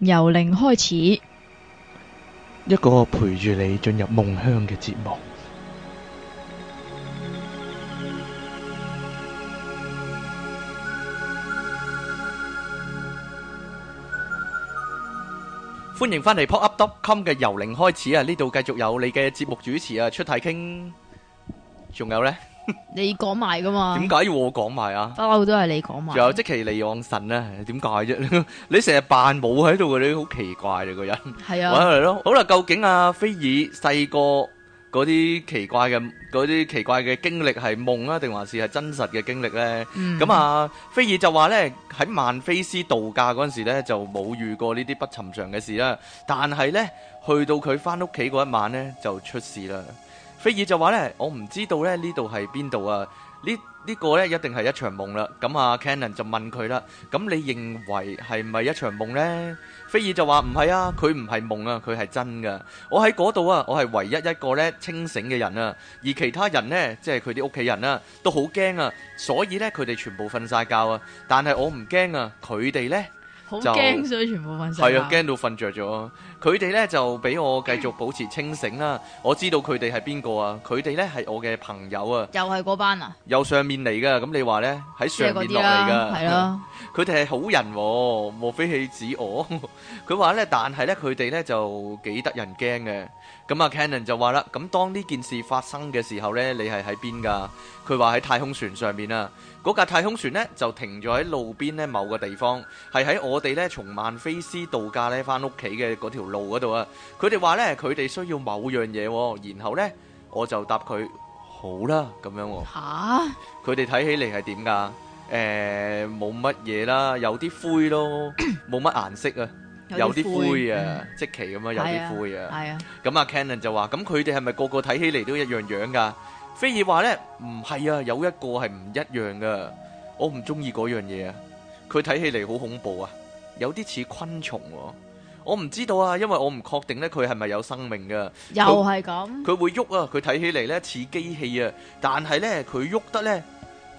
由零開始，一個陪住你進入夢鄉嘅節目。歡迎返嚟 pop up dot com 嘅由零開始啊！呢度繼續有你嘅節目主持啊，出太傾，仲有呢。 你講埋噶嘛？點解要我講埋啊？不嬲都係你講埋。仲有即其利昂神咧？點解啫？你成日扮冇喺度嘅，你好奇怪啊！個人係啊，搵嚟咯。好啦，究竟阿菲爾細個嗰啲奇怪嘅嗰啲奇怪嘅經歷係夢啊，定還是係真實嘅經歷咧？咁啊，菲爾、嗯啊、就話咧喺曼菲斯度假嗰陣時咧就冇遇過呢啲不尋常嘅事啦，但係咧去到佢翻屋企嗰一晚咧就出事啦。菲爾就話咧，我唔知道咧呢度係邊度啊，這個、呢呢個咧一定係一場夢啦。咁啊，Cannon 就問佢啦，咁你認為係唔係一場夢咧？菲爾就話唔係啊，佢唔係夢啊，佢係真噶。我喺嗰度啊，我係唯一一個咧清醒嘅人啊，而其他人咧，即係佢啲屋企人啊，都好驚啊，所以咧佢哋全部瞓晒覺啊。但係我唔驚啊，佢哋咧，好驚所以全部瞓醒係啊，驚到瞓着咗。佢哋咧就俾我繼續保持清醒啦、啊。我知道佢哋係邊個啊？佢哋咧係我嘅朋友啊，又係嗰班啊，由上面嚟噶。咁你話咧喺上面落嚟噶，係咯。 佢哋係好人喎，莫非係指我？佢話呢，但係呢，佢哋呢就幾得人驚嘅。咁啊，Cannon 就話啦，咁當呢件事發生嘅時候呢，你係喺邊噶？佢話喺太空船上面啊。嗰架太空船呢就停咗喺路邊呢某個地方，係喺我哋呢從曼菲斯度假呢翻屋企嘅嗰條路嗰度啊。佢哋話呢，佢哋需要某樣嘢喎，然後呢我就答佢好啦咁樣喎。嚇！佢哋睇起嚟係點噶？誒，冇乜嘢啦，有啲灰咯，冇乜顏色啊，有啲灰啊，即奇咁啊，有啲灰啊，咁、嗯、啊，啊，啊，啊，Cannon 就話，咁佢哋係咪個個睇起嚟都一樣樣噶？菲爾話咧，唔係啊，有一個係唔一樣噶，我唔中意嗰樣嘢啊，佢睇起嚟好恐怖啊，有啲似昆蟲、啊，我唔知道啊，因為我唔確定咧，佢係咪有生命噶？又係咁，佢會喐啊，佢睇起嚟咧似機器啊，但係咧佢喐得咧。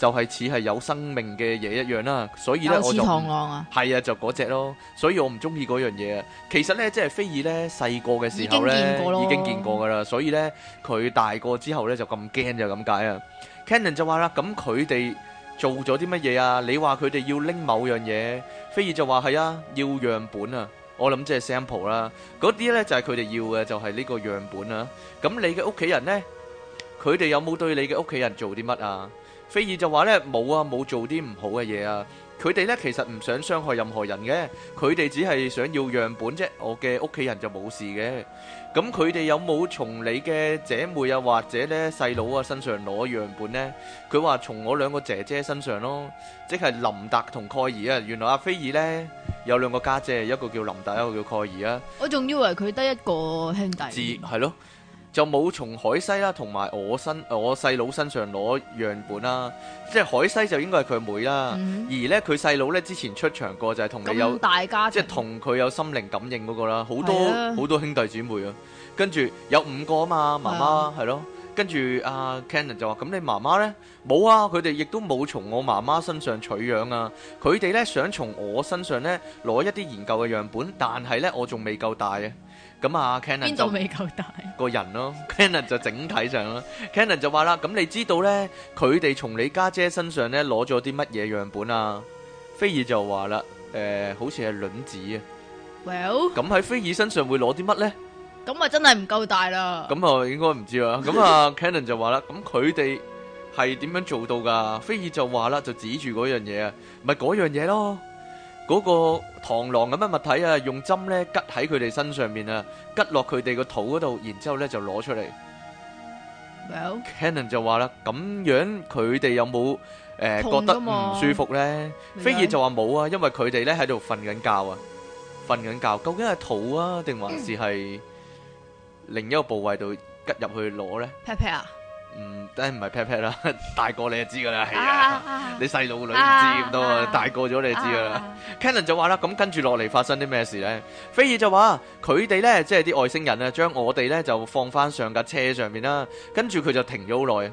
就係似係有生命嘅嘢一樣啦，所以咧、啊、我就係啊，就嗰隻咯。所以我唔中意嗰樣嘢啊。其實咧，即係菲爾咧細個嘅時候咧已經見過咯，已經見過噶啦。所以咧佢大個之後咧就咁驚就咁解啊。Cannon 就話啦：咁佢哋做咗啲乜嘢啊？你話佢哋要拎某樣嘢，菲爾就話係啊，要樣本啊。我諗即係 sample 啦。嗰啲咧就係佢哋要嘅，就係呢個樣本啊。咁你嘅屋企人咧，佢哋有冇對你嘅屋企人做啲乜啊？菲爾就話咧冇啊，冇做啲唔好嘅嘢啊！佢哋咧其實唔想傷害任何人嘅，佢哋只係想要樣本啫。我嘅屋企人就冇事嘅。咁佢哋有冇從你嘅姐妹啊或者咧細佬啊身上攞樣本呢？佢話從我兩個姐姐身上咯，即係林達同蓋兒啊。原來阿菲爾呢有兩個家姐，一個叫林達，一個叫蓋兒啊。我仲以為佢得一個兄弟。係咯。就冇從海西啦、啊，同埋我身我細佬身上攞樣本啦、啊。即係海西就應該係佢妹啦。嗯、而咧佢細佬咧之前出場過就係同你有大家，即係同佢有心靈感應嗰個啦、啊。好多好、啊、多兄弟姊妹啊。跟住有五個啊嘛，媽媽係、啊、咯。跟住阿 Cannon 就話：咁你媽媽咧冇啊？佢哋亦都冇從我媽媽身上取樣啊。佢哋咧想從我身上咧攞一啲研究嘅樣本，但係咧我仲未夠大啊。咁啊，Cannon 就未夠大個人咯 Cannon 就整體上咯 Cannon 就話啦，咁你知道咧，佢哋從你家姐，姐身上咧攞咗啲乜嘢樣本啊？菲爾就話啦，誒、呃，好似係卵子啊。Well，咁喺菲爾身上會攞啲乜咧？咁 啊，真係唔夠大啦。咁啊，應該唔知啊。咁啊 Cannon 就話啦，咁佢哋係點樣做到㗎？菲爾 就話啦，就指住嗰樣嘢啊，咪、就、嗰、是、樣嘢咯。嗰個螳螂咁嘅物體啊，用針咧吉喺佢哋身上面啊，吉落佢哋個肚嗰度，然之後咧就攞出嚟。Well，Cannon，就話啦，咁樣佢哋有冇誒覺得唔舒服咧？飛熱就話冇啊，因為佢哋咧喺度瞓緊覺啊，瞓緊覺。究竟係肚啊，定還是係另一個部位度吉入去攞咧？嗯，唔係劈 a pat 啦， 大個你就知噶啦，係啊，ah, ah, 你細路女唔知咁、ah, ah, 多，啊。大個咗你就知噶啦。Ah, ah, ah, Cannon 就話啦，咁跟住落嚟發生啲咩事咧？菲爾就話，佢哋咧，即係啲外星人啊，將我哋咧就放翻上架車上面啦，跟住佢就停咗好耐。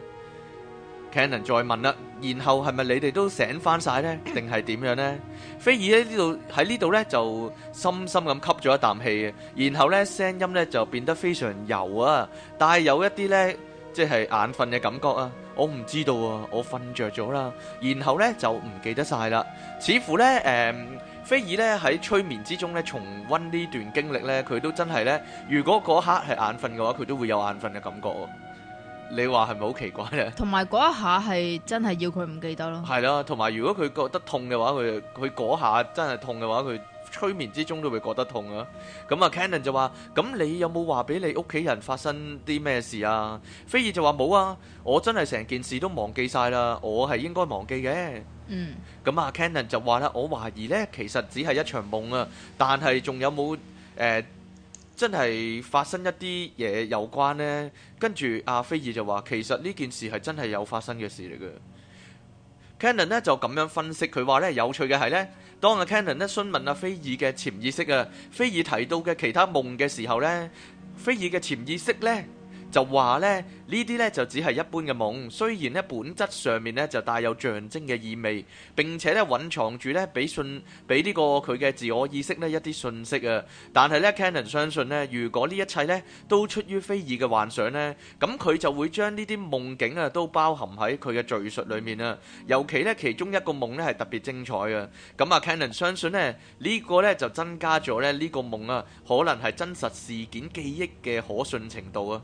Cannon 再問啦，然後係咪你哋都醒翻晒咧，定係點樣咧？ 菲爾喺呢度喺呢度咧就深深咁吸咗一啖氣，然後咧聲音咧就變得非常柔啊，但係有一啲咧。即係眼瞓嘅感覺啊！我唔知道啊，我瞓着咗啦，然後咧就唔記得晒啦。似乎咧，誒，菲爾咧喺催眠之中咧重溫呢段經歷咧，佢都真係咧，如果嗰刻係眼瞓嘅話，佢都會有眼瞓嘅感覺。你話係咪好奇怪啊？同埋嗰一下係真係要佢唔記得咯。係啦，同埋如果佢覺得痛嘅話，佢佢嗰下真係痛嘅話，佢。催眠之中都會覺得痛啊！咁、嗯、啊，Cannon 就話：咁你有冇話俾你屋企人發生啲咩事啊？菲爾就話冇啊！我真係成件事都忘記晒啦，我係應該忘記嘅。嗯，咁啊，Cannon 就話啦：我懷疑呢，其實只係一場夢啊！但係仲有冇誒、呃，真係發生一啲嘢有關呢？跟住阿菲爾就話：其實呢件事係真係有發生嘅事嚟嘅。Cannon 呢就咁樣分析，佢話呢有趣嘅係呢。當阿 Canon 一詢問阿菲爾嘅潛意識啊，菲爾提到嘅其他夢嘅時候呢，菲爾嘅潛意識呢，就話咧，呢啲呢，就只係一般嘅夢，雖然呢，本質上面呢，就帶有象徵嘅意味，並且呢，隱藏住咧俾信俾呢、這個佢嘅自我意識呢，一啲信息啊。但係呢 Cannon 相信呢，如果呢一切呢，都出於非異嘅幻想呢，咁佢就會將呢啲夢境啊都包含喺佢嘅敘述裡面啊。尤其呢，其中一個夢呢，係特別精彩啊。咁、嗯、啊，Cannon 相信呢，呢、這個呢，就增加咗咧呢個夢啊可能係真實事件記憶嘅可信程度啊。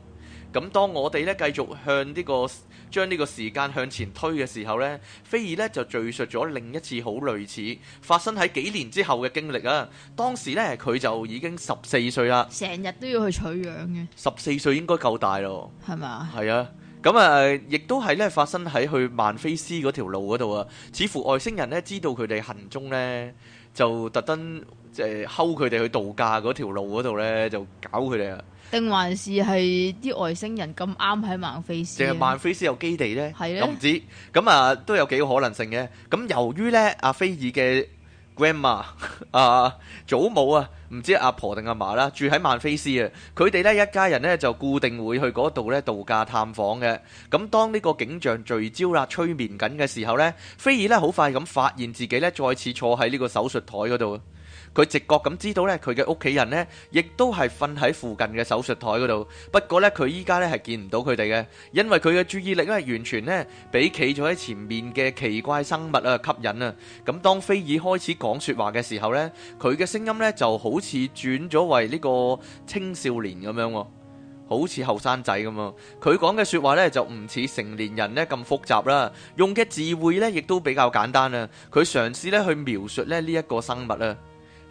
咁當我哋咧繼續向呢、這個將呢個時間向前推嘅時候咧，菲爾咧就敍述咗另一次好類似發生喺幾年之後嘅經歷啊！當時咧佢就已經十四歲啦，成日都要去取樣嘅。十四歲應該夠大咯，係咪吧啊？係、嗯、啊，咁、呃、啊，亦都係咧發生喺去曼菲斯嗰條路嗰度啊，似乎外星人咧知道佢哋行蹤咧，就特登即係睺佢哋去度假嗰條路嗰度咧，就搞佢哋啊！定還是係啲外星人咁啱喺曼菲斯？淨係曼菲斯有基地呢？呢又唔知咁啊，都有幾個可能性嘅。咁由於呢，阿菲爾嘅 grandma 啊，祖母啊，唔知阿婆定阿嫲啦，住喺曼菲斯啊，佢哋呢一家人呢就固定會去嗰度咧度假探訪嘅。咁當呢個景象聚焦啦、催眠緊嘅時候呢，菲爾呢好快咁發現自己呢再次坐喺呢個手術台嗰度。佢直覺咁知道咧，佢嘅屋企人呢亦都係瞓喺附近嘅手術台嗰度。不過咧，佢依家咧係見唔到佢哋嘅，因為佢嘅注意力咧完全呢俾企咗喺前面嘅奇怪生物啊吸引啊。咁當菲爾開始講說話嘅時候呢，佢嘅聲音咧就好似轉咗為呢個青少年咁樣，好似後生仔咁。佢講嘅說話咧就唔似成年人咧咁複雜啦，用嘅字彙咧亦都比較簡單啊。佢嘗試咧去描述咧呢一個生物啊。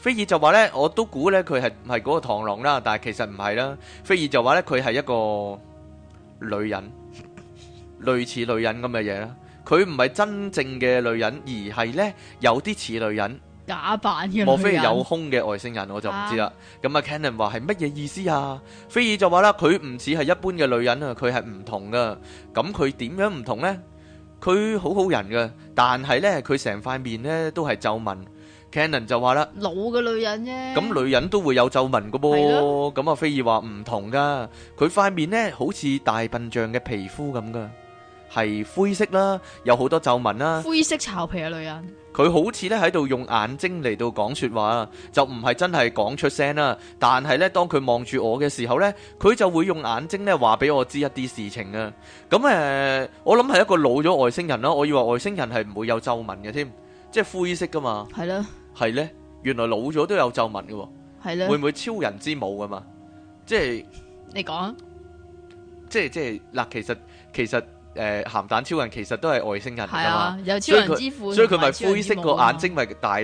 菲爾就話咧，我都估咧佢係唔係嗰個螳螂啦，但係其實唔係啦。菲爾就話咧，佢係一個女人， 類似女人咁嘅嘢啦。佢唔係真正嘅女人，而係咧有啲似女人，假扮嘅。莫非有胸嘅外星人？我就唔知啦。咁啊 Cannon 話係乜嘢意思啊？菲爾就話啦，佢唔似係一般嘅女人啊，佢係唔同噶。咁佢點樣唔同咧？佢好好人噶，但係咧佢成塊面咧都係皺紋。Canon 就話啦，老嘅女人啫。咁女人都會有皺紋嘅噃，咁啊，菲爾話唔同噶，佢塊面咧好似大笨象嘅皮膚咁噶，係灰色啦，有好多皺紋啦。灰色巢皮嘅女人，佢好似咧喺度用眼睛嚟到講說話啊，就唔係真係講出聲啦。但係咧，當佢望住我嘅時候咧，佢就會用眼睛咧話俾我知一啲事情啊。咁誒，我諗係一個老咗外星人咯。我以為外星人係唔會有皺紋嘅添，即係灰色噶嘛。係咯。係咧，原來老咗都有皺紋噶，係咧，會唔會超人之母噶嘛？即係你講啊，即係即係嗱，其實其實誒、呃，鹹蛋超人其實都係外星人嚟噶嘛，有超人之父，所以佢所以佢咪灰色個眼睛咪大。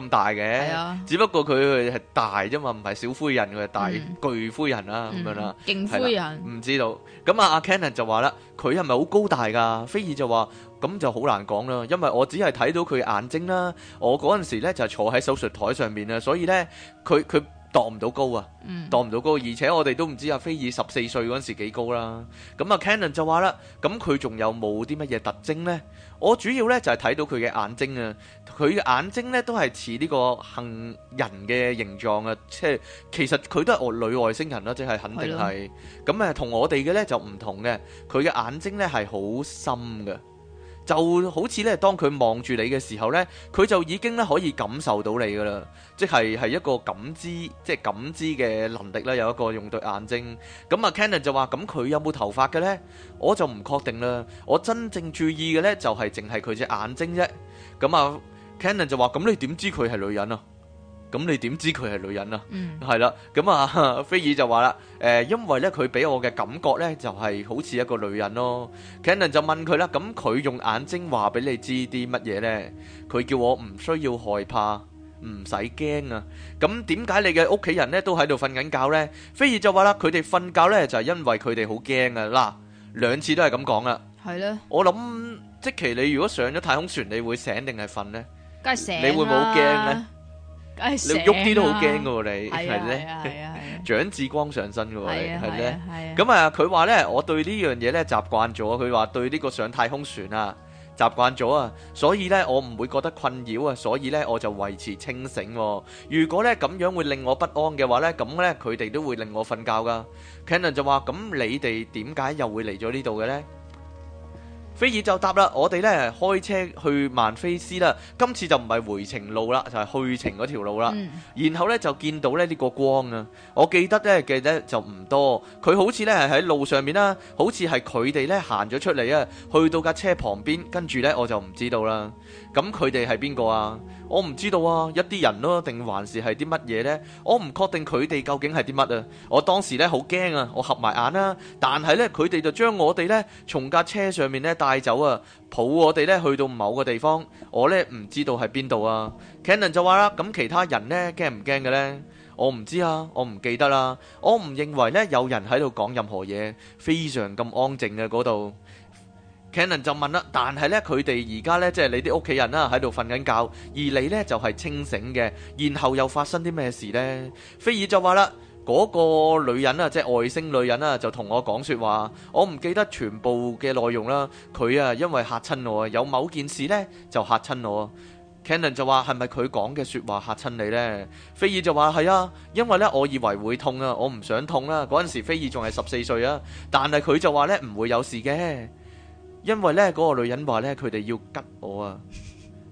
咁大嘅，啊，只不過佢係大啫嘛，唔係小灰人嘅、嗯、大巨灰人啦、啊，咁、嗯、樣啦，勁灰人，唔知道。咁啊，阿 Ken 就話啦，佢係咪好高大㗎？菲爾就話，咁就好難講啦，因為我只係睇到佢眼睛啦，我嗰陣時咧就係、是、坐喺手術台上面啊，所以咧，佢佢。度唔到高啊，度唔到高，而且我哋都唔知阿菲爾十四歲嗰陣時幾高啦、啊。咁啊，Canon 就話啦，咁佢仲有冇啲乜嘢特徵呢？我主要呢就係、是、睇到佢嘅眼睛啊，佢嘅眼睛呢都係似呢個杏仁嘅形狀啊，即係其實佢都係女外星人咯、啊，即係肯定係。咁誒的，我同我哋嘅呢就唔同嘅，佢嘅眼睛呢係好深嘅。就好似咧，當佢望住你嘅時候咧，佢就已經咧可以感受到你噶啦，即係係一個感知，即係感知嘅能力啦。有一個用對眼睛，咁啊，Cannon 就話，咁、嗯、佢有冇頭髮嘅咧？我就唔確定啦。我真正注意嘅咧，就係淨係佢隻眼睛啫。咁啊，Cannon 就話，咁、嗯、你點知佢係女人啊？咁你點知佢係女人啊？係啦，咁啊，菲爾就話啦，誒，因為咧佢俾我嘅感覺咧就係好似一個女人咯。Cannon 就問佢啦，咁佢用眼睛話俾你知啲乜嘢咧？佢叫我唔需要害怕，唔使驚啊。咁點解你嘅屋企人咧都喺度瞓緊覺咧？菲爾就話啦，佢哋瞓覺咧就係因為佢哋好驚啊。嗱，兩次都係咁講啦。係啦，我諗，即其你如果上咗太空船，你會醒定係瞓咧？梗係醒啦。你會唔會驚咧？哎啊、你喐啲都好驚噶喎，你係咧？蔣志光上身噶喎，係咧？咁啊，佢話咧，我對呢樣嘢咧習慣咗。佢話對呢個上太空船啊習慣咗啊，所以咧我唔會覺得困擾啊。所以咧我就維持清醒啊。如果咧咁樣會令我不安嘅話咧，咁咧佢哋都會令我瞓覺噶。Kenneth 就話：咁你哋點解又會嚟咗呢度嘅咧？菲爾就答啦，我哋咧開車去曼菲斯啦，今次就唔係回程路啦，就係、是、去程嗰條路啦。嗯、然後咧就見到咧呢、這個光啊，我記得咧記得就唔多，佢好似咧係喺路上面啦，好似係佢哋咧行咗出嚟啊，去到架車旁邊，跟住咧我就唔知道啦。咁佢哋係邊個啊？我唔知道啊，一啲人咯、啊，定還是係啲乜嘢呢？我唔確定佢哋究竟係啲乜啊！我當時咧好驚啊，我合埋眼啦、啊，但係咧佢哋就將我哋咧從架車上面咧帶走啊，抱我哋咧去到某個地方，我咧唔知道係邊度啊！Cannon 就話啦，咁其他人咧驚唔驚嘅咧？我唔知啊，我唔記得啦，我唔認為咧有人喺度講任何嘢，非常咁安靜嘅嗰度。Cannon 就問啦，但係咧，佢哋而家咧，即係你啲屋企人啦，喺度瞓緊覺，而你咧就係清醒嘅。然後又發生啲咩事呢？菲爾就話啦，嗰個女人啊，即係外星女人啊，就同我講説話，我唔記得全部嘅內容啦。佢啊，因為嚇親我，啊，有某件事咧就嚇親我。Cannon 就話係咪佢講嘅説話嚇親你呢？菲爾就話係啊，因為咧我以為會痛啊，我唔想痛啦。嗰陣時菲爾仲係十四歲啊，但係佢就話咧唔會有事嘅。因為咧，嗰、那個女人話咧，佢哋要吉我啊，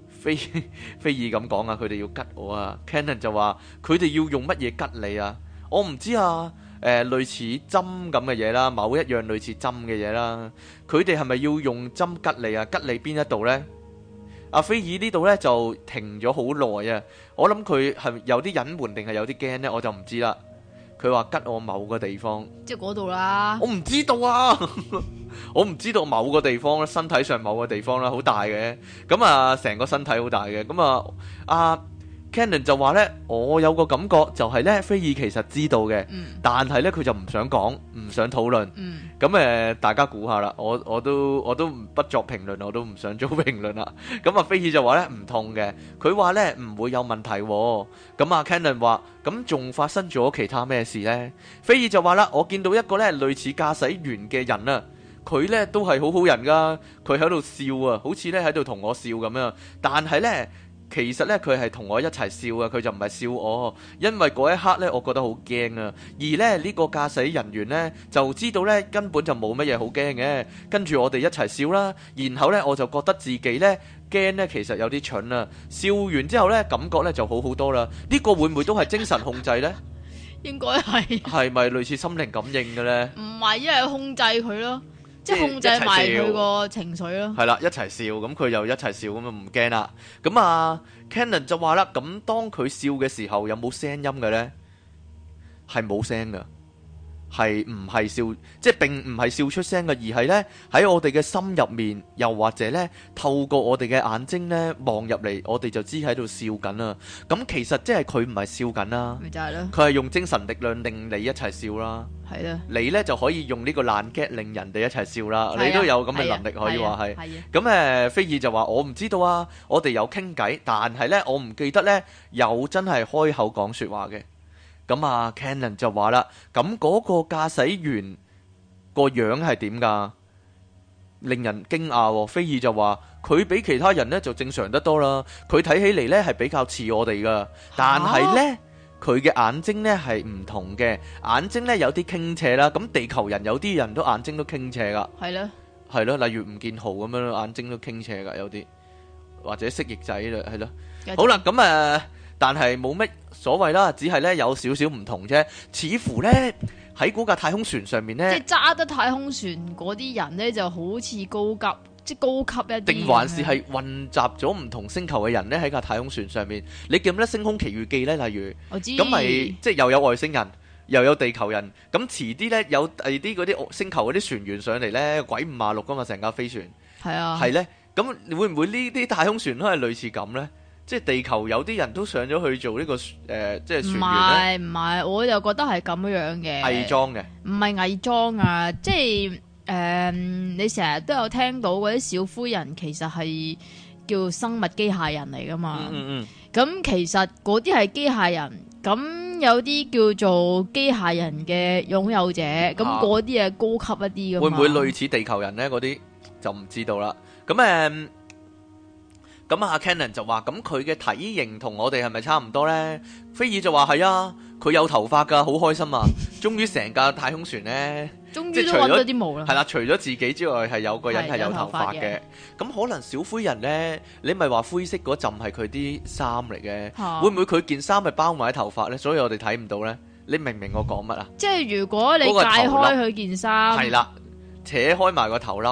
菲菲爾咁講啊，佢哋要吉我啊。Cannon 就話：佢哋要用乜嘢吉你啊？我唔知啊。誒、呃，類似針咁嘅嘢啦，某一樣類似針嘅嘢啦。佢哋係咪要用針吉你啊？吉你邊一度咧？阿、啊、菲爾呢度咧就停咗好耐啊！我諗佢係有啲隱瞞定係有啲驚咧，我就唔知啦。佢話拮我某個地方，即係嗰度啦。我唔知道啊 ，我唔知道某個地方咧，身體上某個地方啦，好大嘅，咁啊，成個身體好大嘅，咁啊，啊。Cannon 就話咧，我有個感覺就係咧，菲爾其實知道嘅，嗯、但係咧佢就唔想講，唔想討論。咁誒、嗯嗯，大家估下啦，我我都我都不作評論，我都唔想做評論啦。咁、嗯、啊，菲爾就話咧唔痛嘅，佢話咧唔會有問題，哦。咁、嗯、啊，Cannon 話，咁、嗯、仲發生咗其他咩事咧？菲爾就話啦，我見到一個咧類似駕駛員嘅人啊，佢咧都係好好人噶，佢喺度笑啊，好似咧喺度同我笑咁樣，但係咧。其實咧佢係同我一齊笑嘅，佢就唔係笑我，因為嗰一刻咧，我覺得好驚啊。而咧呢個駕駛人員咧，就知道咧根本就冇乜嘢好驚嘅，跟住我哋一齊笑啦。然後咧我就覺得自己咧驚咧，其實有啲蠢啊。笑完之後咧，感覺咧就好好多啦。呢個會唔會都係精神控制咧？應該係係咪類似心靈感應嘅咧？唔係，因為控制佢咯。即係控制埋佢個情緒咯，係啦、嗯，一齊笑，咁佢又一齊笑，咁就唔驚啦。咁啊，Cannon 就話啦，咁當佢笑嘅時候有冇聲音嘅咧？係冇聲㗎。係唔係笑？即係並唔係笑出聲嘅，而係呢，喺我哋嘅心入面，又或者呢，透過我哋嘅眼睛呢望入嚟，我哋就知喺度笑緊啦。咁其實即係佢唔係笑緊啦，佢係用精神力量令你一齊笑啦。係啦了，你呢就可以用呢個爛 gag 令人哋一齊笑啦。啊、你都有咁嘅能力可以話係。係咁誒，菲爾、啊啊啊、就話我唔知道啊。我哋有傾偈，但係呢，我唔記得呢，有真係開口講說話嘅。咁啊，Cannon 就話啦，咁嗰個駕駛員個樣係點噶？令人驚訝。菲爾就話佢比其他人咧就正常得多啦。佢睇起嚟咧係比較似我哋噶，但係咧佢嘅眼睛咧係唔同嘅，眼睛咧有啲傾斜啦。咁地球人有啲人都眼睛都傾斜噶，係咯，係咯，例如吳建豪咁樣咯，眼睛都傾斜噶，有啲或者蜥蜴仔啦，係咯。好啦，咁誒。但係冇乜所謂啦，只係咧有少少唔同啫。似乎咧喺嗰架太空船上面咧，即係揸得太空船嗰啲人咧就好似高級，即係高級一，定還是係混雜咗唔同星球嘅人咧喺架太空船上面？你記唔記得《星空奇遇記》咧？例如，我知咁咪、就是、即係又有外星人，又有地球人。咁遲啲咧有第二啲嗰啲星球嗰啲船員上嚟咧，鬼五馬六噶嘛？成架飛船係啊，係咧呢。咁會唔會呢啲太空船都係類似咁咧？即係地球有啲人都上咗去做呢、這個誒、呃，即係船員咧。唔係唔係，我又覺得係咁樣嘅。偽裝嘅，唔係偽裝啊！即係誒、呃，你成日都有聽到嗰啲小灰人其實係叫生物機械人嚟噶嘛？嗯咁、嗯嗯、其實嗰啲係機械人，咁有啲叫做機械人嘅擁有者，咁嗰啲啊高級一啲嘅，嘛。啊、會唔會類似地球人咧？嗰啲就唔知道啦。咁誒。嗯咁阿、嗯、Cannon 就話：咁佢嘅體型同我哋係咪差唔多咧？菲爾就話係啊，佢有頭髮㗎，好開心啊！終於成架太空船咧，終於都揾到啲毛啦。係啦，除咗、啊、自己之外，係有個人係有頭髮嘅。咁、嗯、可能小灰人咧，你咪話灰色嗰陣係佢啲衫嚟嘅，的會唔會佢件衫係包埋啲頭髮咧？所以我哋睇唔到咧。你明唔明我講乜啊？即係如果你解開佢件衫，係啦，扯開埋個頭笠。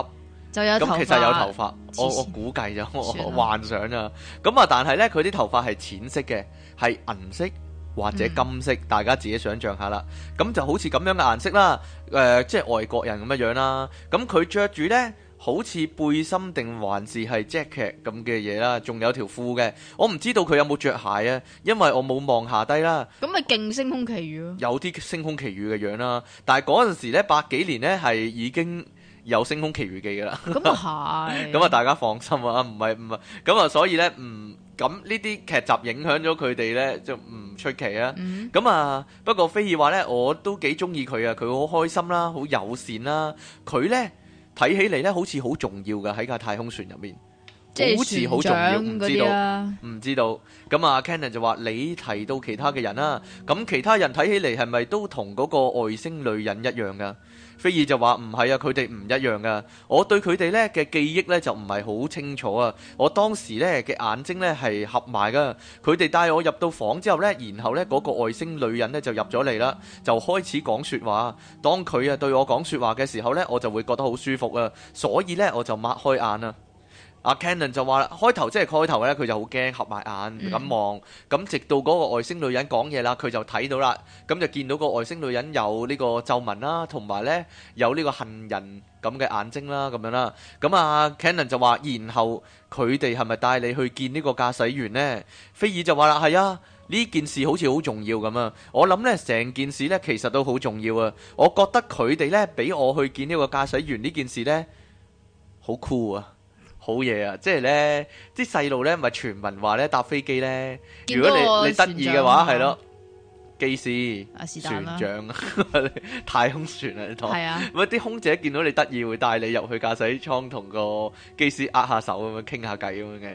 咁、嗯、其實有頭髮，我我估計就我幻想咋，咁啊但係呢，佢啲頭髮係淺色嘅，係銀色或者金色，嗯、大家自己想象下啦。咁就好似咁樣嘅顏色啦，誒即係外國人咁樣啦。咁佢着住呢，好似背心定還是係 jacket 咁嘅嘢啦，仲有條褲嘅。我唔知道佢有冇着鞋啊？因為我冇望下低啦。咁咪勁星空奇遇咯，有啲星空奇遇嘅樣啦。但係嗰陣時咧，百幾年呢，係已經。有《星空奇遇記》噶啦、嗯，咁啊 大家放心啊，唔係唔係，咁啊所以呢，唔咁呢啲劇集影響咗佢哋呢，就唔出奇啊。咁啊、嗯，不過菲爾話呢，我都幾中意佢啊，佢好開心啦，好友善啦，佢呢睇起嚟呢好似好重要噶，喺架太空船入面，好似好重要，唔知道唔知道。咁啊，Cannon 就話你提到其他嘅人啦、啊，咁、嗯、其他人睇起嚟係咪都同嗰個外星女人一樣噶？菲爾就話唔係啊，佢哋唔一樣噶。我對佢哋咧嘅記憶咧就唔係好清楚啊。我當時咧嘅眼睛咧係合埋噶。佢哋帶我入到房之後咧，然後咧嗰個外星女人咧就入咗嚟啦，就開始講説話。當佢啊對我講説話嘅時候咧，我就會覺得好舒服啊。所以咧我就擘開眼啦。阿 Cannon 就話啦，開頭即係開頭咧，佢就好驚，合埋眼咁望，咁、嗯、直到嗰個外星女人講嘢啦，佢就睇到啦，咁就見到個外星女人有呢個皺紋啦，同埋咧有呢有個杏仁咁嘅眼睛啦，咁樣啦。咁啊 Cannon 就話，然後佢哋係咪帶你去見呢個駕駛員呢？菲爾就話啦，係啊，呢件事好似好重要咁啊。我諗呢成件事呢其實都好重要啊。我覺得佢哋呢俾我去見呢個駕駛員呢件事呢，好酷啊！好嘢啊！即係咧，啲細路咧，唔係傳聞話咧，搭飛機咧，如果你你得意嘅話，係咯，機師啊，船長，太空船啊，呢套係啊，咁啊，啲空姐見到你得意，會帶你入去駕駛艙同個機師握下手咁樣傾下偈咁樣嘅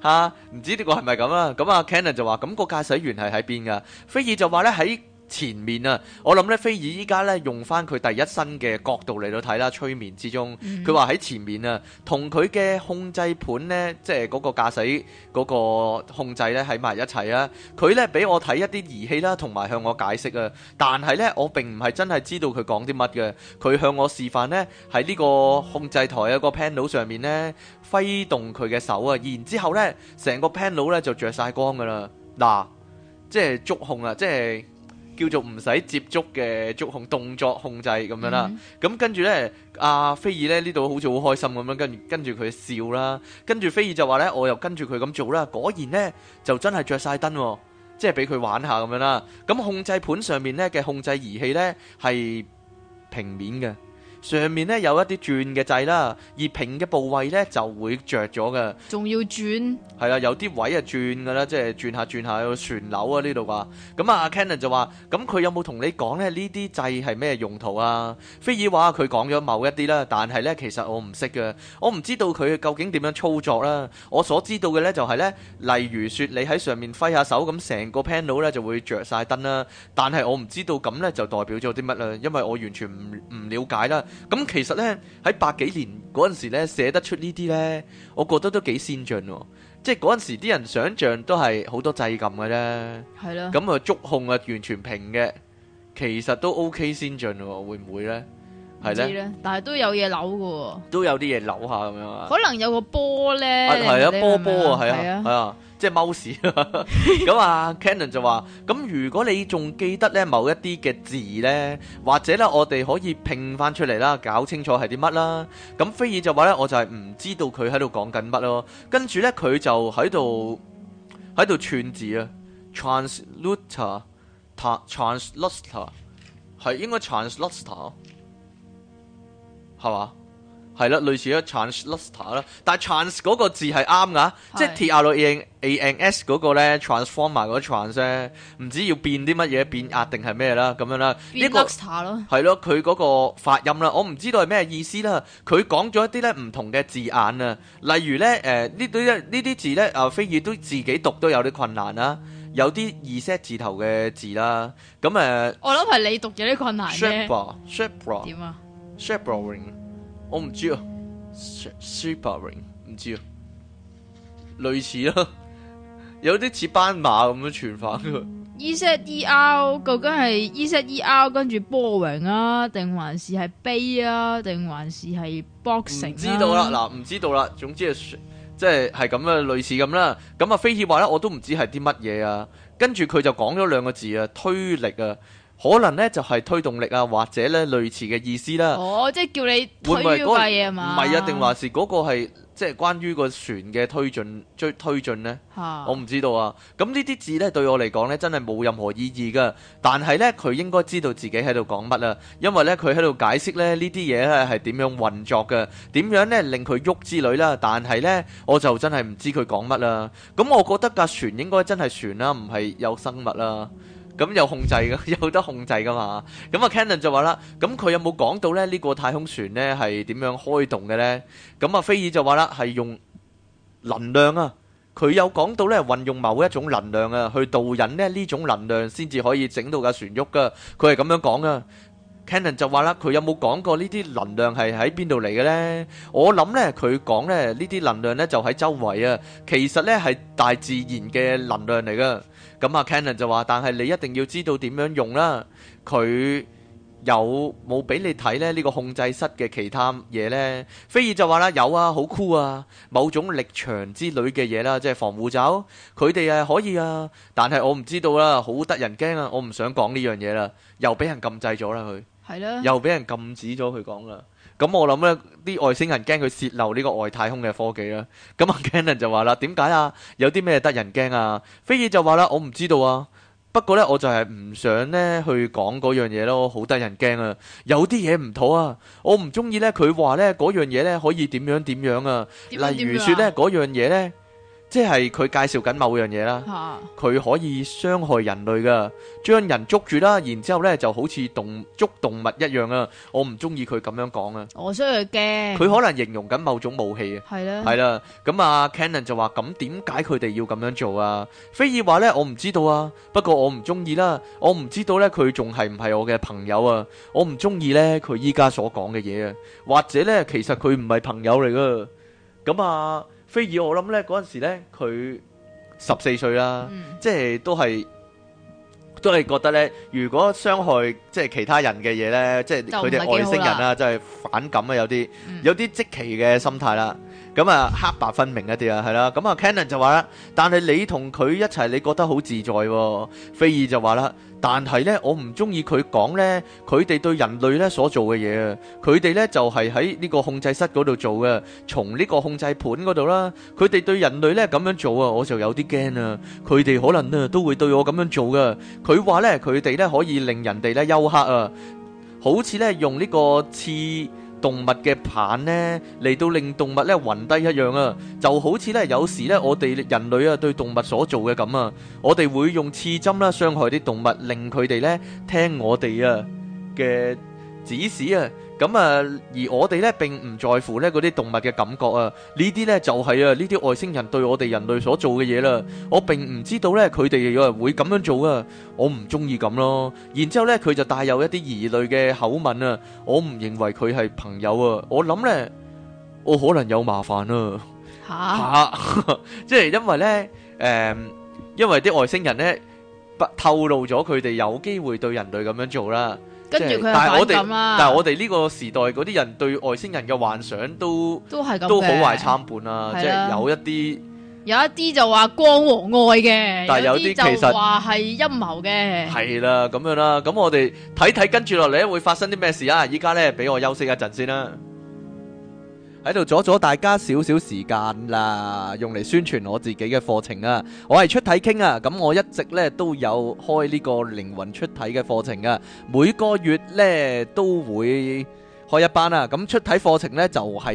嚇，唔知呢個係咪咁啊？咁啊，Cannon 就話，咁個駕駛員係喺邊噶？菲爾就話咧喺前面啊，我諗咧，菲爾依家咧用翻佢第一身嘅角度嚟到睇啦。催眠之中，佢話喺前面啊，同佢嘅控制盤咧，即係嗰個駕駛嗰個控制咧喺埋一齊啊。佢咧俾我睇一啲儀器啦，同埋向我解釋啊。但係咧，我並唔係真係知道佢講啲乜嘅。佢向我示範咧喺呢個控制台一個 panel 上面咧揮動佢嘅手啊，然之後咧成個 panel 咧就着晒光噶啦。嗱，即係觸控啊，即係。叫做唔使接觸嘅觸控動作控制咁樣啦，咁跟住咧阿菲爾咧呢度好似好開心咁樣，跟住跟住佢笑啦，跟住菲爾就話咧，我又跟住佢咁做啦，果然咧就真係著曬燈喎，即係俾佢玩下咁樣啦。咁控制盤上面咧嘅控制儀器咧係平面嘅。上面咧有一啲轉嘅掣啦，而平嘅部位咧就會着咗嘅。仲要轉？係啊，有啲位啊轉嘅啦，即係轉下轉下，有個旋鈕啊呢度啊。咁啊 Cannon 就話：咁佢有冇同你講咧呢啲掣係咩用途啊？菲爾話佢講咗某一啲啦，但係咧其實我唔識嘅，我唔知道佢究竟點樣操作啦。我所知道嘅咧就係咧，例如説你喺上面揮下手咁，成個 panel 咧就會着晒燈啦。但係我唔知道咁咧就代表咗啲乜啦，因為我完全唔唔瞭解啦。咁其實咧，喺百幾年嗰陣時咧，寫得出呢啲咧，我覺得都幾先進喎、哦。即係嗰陣時啲人想象都係好多掣感嘅啫。係咯的。咁啊，觸控啊，完全平嘅，其實都 O、OK、K 先進喎。會唔會咧？係咧知的。但係都有嘢扭嘅、哦。都有啲嘢扭下咁樣啊。可能有個波咧。係啊，啊波波啊，係啊，係啊。即係踎屎咯咁啊 ！Canon 就話：咁如果你仲記得咧某一啲嘅字咧，或者咧我哋可以拼翻出嚟啦，搞清楚係啲乜啦。咁菲爾就話咧：我就係唔知道佢喺度講緊乜咯。跟住咧佢就喺度喺度串字啊 t r a n s l u t e r t r a n s l a t o r 係應該 t r a n s l u s t e r 係嘛？係啦，類似咗 transluster 啦，但係 trans 嗰個字係啱噶，是即係 t r l e a n s 嗰個咧 transform 埋、er、個 trans 啫，唔知要變啲乜嘢，變壓定係咩啦咁樣啦，一 l、這個係咯，佢嗰了個發音啦，我唔知道係咩意思啦，佢講咗一啲咧唔同嘅字眼啊，例如咧誒呢、呃、呢啲字咧啊，菲、呃、爾都自己讀都有啲困難啦，有啲二聲字頭嘅字啦，咁誒，呃、我諗係你讀有啲困難 s h a p e r d s h a p e r d 點啊？s h a p h e r d ring。我唔、oh, 知啊，Super Ring 唔知啊，類似咯， 有啲似斑馬咁樣傳法噶。Eset er 究竟係 Eset er 跟住 Boring 啊，定還是係 Bay 啊，定還是係 boxing？、啊、知道啦，嗱唔知道啦，總之係即係係咁啊，類似咁啦。咁啊，飛鐵話咧，我都唔知係啲乜嘢啊。跟住佢就講咗兩個字啊，推力啊。可能呢就係、是、推動力啊，或者呢類似嘅意思啦。哦，即係叫你推油費啊嘛？唔係、那個、啊，定還是嗰個係即係關於個船嘅推進，追推進呢？啊、我唔知道啊。咁呢啲字呢對我嚟講呢，真係冇任何意義噶。但係呢，佢應該知道自己喺度講乜啦，因為呢，佢喺度解釋呢呢啲嘢咧係點樣運作嘅，點樣呢令佢喐之類啦。但係呢，我就真係唔知佢講乜啦。咁我覺得架船應該真係船啦、啊，唔係有生物啦、啊。嗯咁有控制噶，有得控制噶嘛？咁啊，Cannon 就話啦，咁佢有冇講到咧？呢個太空船咧係點樣開動嘅咧？咁啊，菲爾就話啦，係用能量啊，佢有講到咧，運用某一種能量啊，去導引咧呢種能量先至可以整到架船喐噶。佢係咁樣講噶。Cannon 就話啦，佢有冇講過呢啲能量係喺邊度嚟嘅咧？我諗咧，佢講咧呢啲能量咧就喺周圍啊，其實咧係大自然嘅能量嚟噶。咁啊，Canon 就話，但係你一定要知道點樣用啦。佢有冇俾你睇咧？呢個控制室嘅其他嘢咧？菲爾就話啦，有啊，好酷啊，某種力場之類嘅嘢啦，即係防護罩。佢哋係可以啊，但係我唔知道啦，好得人驚啊，我唔想講呢樣嘢啦，又俾人禁制咗啦，佢，係啦的，又俾人禁止咗佢講啦。咁、嗯、我諗咧，啲外星人驚佢洩漏呢個外太空嘅科技啦。咁、嗯、啊 Cannon 就話啦，點解啊？有啲咩得人驚啊？菲爾就話啦，我唔知道啊。不過咧，我就係唔想咧去講嗰樣嘢咯，好得人驚啊。有啲嘢唔妥啊，我唔中意咧，佢話咧嗰樣嘢咧可以點樣點樣啊？怎樣怎樣例如說咧嗰樣嘢、啊、咧。即係佢介紹緊某樣嘢啦，佢可以傷害人類噶，將人捉住啦，然之後咧就好似動捉動物一樣啊！我唔中意佢咁樣講啊！我需要驚，佢可能形容緊某種武器啊，係啦，係啦。咁啊，Cannon 就話：咁點解佢哋要咁樣做啊？菲爾話咧：我唔知道啊，不過我唔中意啦。我唔知道咧，佢仲係唔係我嘅朋友啊？我唔中意咧，佢依家所講嘅嘢啊，或者咧，其實佢唔係朋友嚟噶。咁啊。飛爾，我諗咧，嗰陣時咧佢十四歲啦，嗯、即係都係都係覺得咧，如果傷害即係其他人嘅嘢咧，即係佢哋外星人啦、啊，即係反感啊，有啲有啲積極嘅心態啦、啊。嗯嗯咁啊，黑白分明一啲啊，係啦，咁啊，Canon 就話啦，動物嘅棒呢，嚟到令動物咧暈低一樣啊，就好似咧有時咧我哋人類啊對動物所做嘅咁啊，我哋會用刺針啦，傷害啲動物，令佢哋咧聽我哋啊嘅指使啊。咁啊，而我哋咧並唔在乎咧嗰啲動物嘅感覺啊，呢啲咧就係啊呢啲外星人對我哋人類所做嘅嘢啦。我並唔知道咧佢哋有人會咁樣做啊，我唔中意咁咯。然之後咧佢就帶有一啲疑慮嘅口吻啊，我唔認為佢係朋友啊，我諗咧我可能有麻煩啦。吓，即係因為咧誒，因為啲外星人咧不透露咗佢哋有機會對人類咁樣做啦。跟住佢係反感，但係我哋呢個時代嗰啲人對外星人嘅幻想都都係咁都好壞參半啦、啊。即係的有一啲，有一啲就話光和愛嘅，但係有啲其實話係陰謀嘅。係啦，咁樣啦。咁我哋睇睇跟住落嚟會發生啲咩事啊！依家咧，俾我休息一陣先啦。喺度阻咗大家少少時間啦，用嚟宣傳我自己嘅課程啊！我係出體傾啊，咁我一直咧都有開呢個靈魂出體嘅課程啊，每個月咧都會開一班啊，咁出體課程呢就係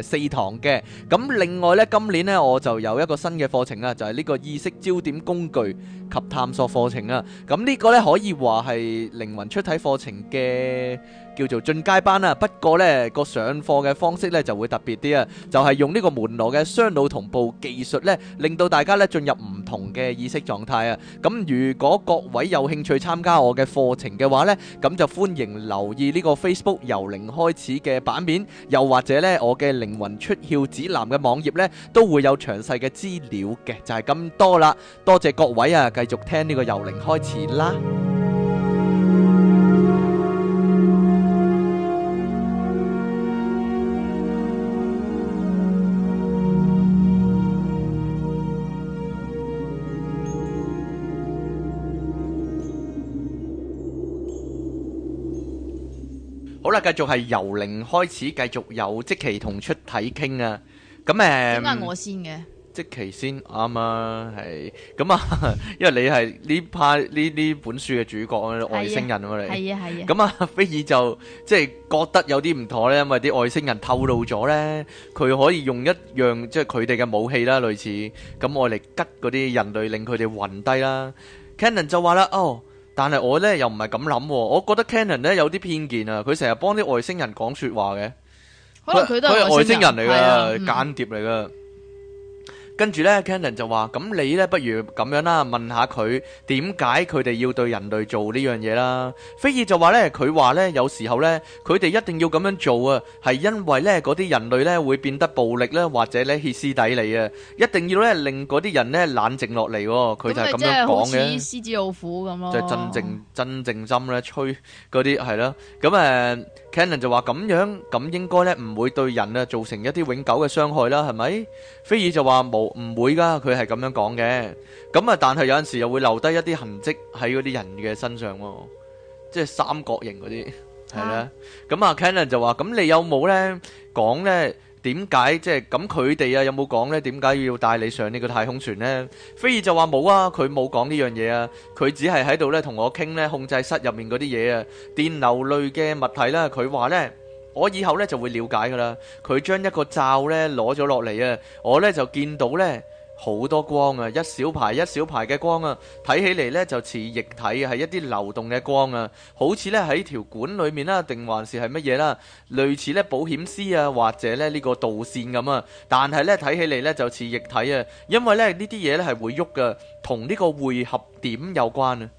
誒四堂嘅，咁另外呢，今年呢我就有一個新嘅課程啊，就係呢個意識焦點工具及探索課程啊。咁呢個呢可以話係靈魂出體課程嘅。叫做進階班啦，不過呢個上課嘅方式呢就會特別啲啊，就係用呢個門羅嘅雙腦同步技術呢，令到大家呢進入唔同嘅意識狀態啊。咁如果各位有興趣參加我嘅課程嘅話呢，咁就歡迎留意呢個 Facebook 由零開始嘅版面，又或者呢我嘅靈魂出竅指南嘅網頁呢都會有詳細嘅資料嘅，就係咁多啦。多謝各位啊，繼續聽呢個由零開始啦。就係由零開始，繼續有即期同出體傾啊！咁誒，點解我先嘅？即期先啱啊，係咁啊，因為你係呢派呢呢本書嘅主角啊，外星人啊，你係啊係啊！咁啊，菲爾就即係覺得有啲唔妥咧，因為啲外星人透露咗咧，佢可以用一樣即係佢哋嘅武器啦，類似咁嚟嚟吉嗰啲人類，令佢哋暈低啦。Cannon 就話啦，哦。但係我咧又唔係咁諗，我覺得 Cannon 咧有啲偏見啊，佢成日幫啲外星人講説話嘅，可能佢都係外星人嚟噶，啊嗯、間諜嚟噶。跟住呢 Cannon 就話：咁、嗯、你呢，不如咁樣啦，問下佢點解佢哋要對人類做呢樣嘢啦。菲爾就話呢佢話呢，有時候呢，佢哋一定要咁樣做啊，係因為呢嗰啲人類呢會變得暴力呢，或者呢歇斯底里啊，一定要呢令嗰啲人呢冷靜落嚟。佢就係咁樣講嘅。咁咪獅子老虎咁咯。就真正真正針咧吹嗰啲係咯，咁、嗯、誒。 Cannon 就話咁樣，咁應該咧唔會對人啊造成一啲永久嘅傷害啦，係咪？菲爾就話冇，唔會㗎，佢係咁樣講嘅。咁啊，但係有陣時又會留低一啲痕跡喺嗰啲人嘅身上喎，即係三角形嗰啲，係啦、嗯。咁吧、嗯、啊，Cannon 就話咁、嗯、你有冇咧講咧？點解即係咁佢哋啊有冇講呢？點解要帶你上呢個太空船呢？菲爾就話冇啊，佢冇講呢樣嘢啊，佢只係喺度呢同我傾呢控制室入面嗰啲嘢啊，電流類嘅物體啦，佢話呢，我以後呢就會了解噶啦，佢將一個罩呢攞咗落嚟啊，我呢就見到呢。好多光啊！一小排一小排嘅光啊，睇起嚟呢就似液體啊，係一啲流動嘅光啊，好似呢喺條管裏面啦、啊，定還是係乜嘢啦？類似呢保險絲啊，或者呢呢個導線咁啊，但係呢睇起嚟呢就似液體啊，因為呢呢啲嘢呢係會喐嘅，同呢個匯合點有關啊。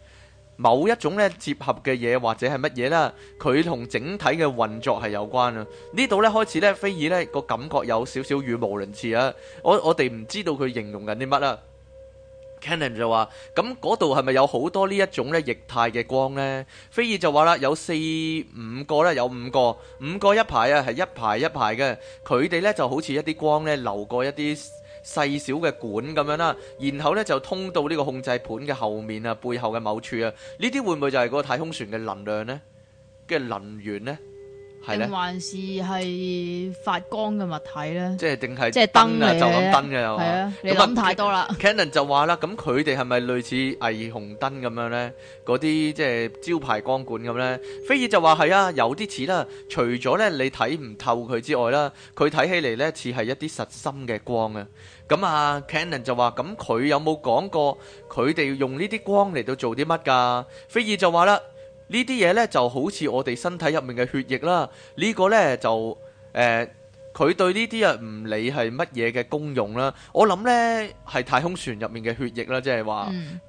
某一種咧結合嘅嘢，或者係乜嘢啦，佢同整體嘅運作係有關啊。呢度咧開始咧，飛爾咧個感覺有少少語無倫次啊。我我哋唔知道佢形容緊啲乜啦。Cannon 就話：「咁嗰度係咪有好多呢一種咧液態嘅光呢？」飛爾就話啦，有四五個咧，有五個，五個一排啊，係一排一排嘅。佢哋咧就好似一啲光咧流過一啲。細小嘅管咁樣啦，然後咧就通到呢個控制盤嘅後面啊，背後嘅某處啊，呢啲會唔會就係嗰個太空船嘅能量咧嘅能源咧？定還是係發光嘅物體咧？即係定係即係燈啊！燈啊就咁燈嘅、啊、又呢話啊，你諗太多啦、啊。Canon 就話啦，咁佢哋係咪類似霓虹燈咁樣咧？嗰啲即係招牌光管咁咧？菲爾、嗯、就話係啊，有啲似啦。除咗咧，你睇唔透佢之外啦，佢睇起嚟咧似係一啲實心嘅光啊。咁啊，Canon 就話，咁佢有冇講過佢哋用呢啲光嚟到做啲乜㗎？菲爾就話啦。呢啲嘢呢就好似我哋身體入面嘅血液啦，呢、呢個呢，就誒佢、呃、對呢啲啊唔理係乜嘢嘅功用啦，我諗呢係太空船入面嘅血液啦，即係話。嗯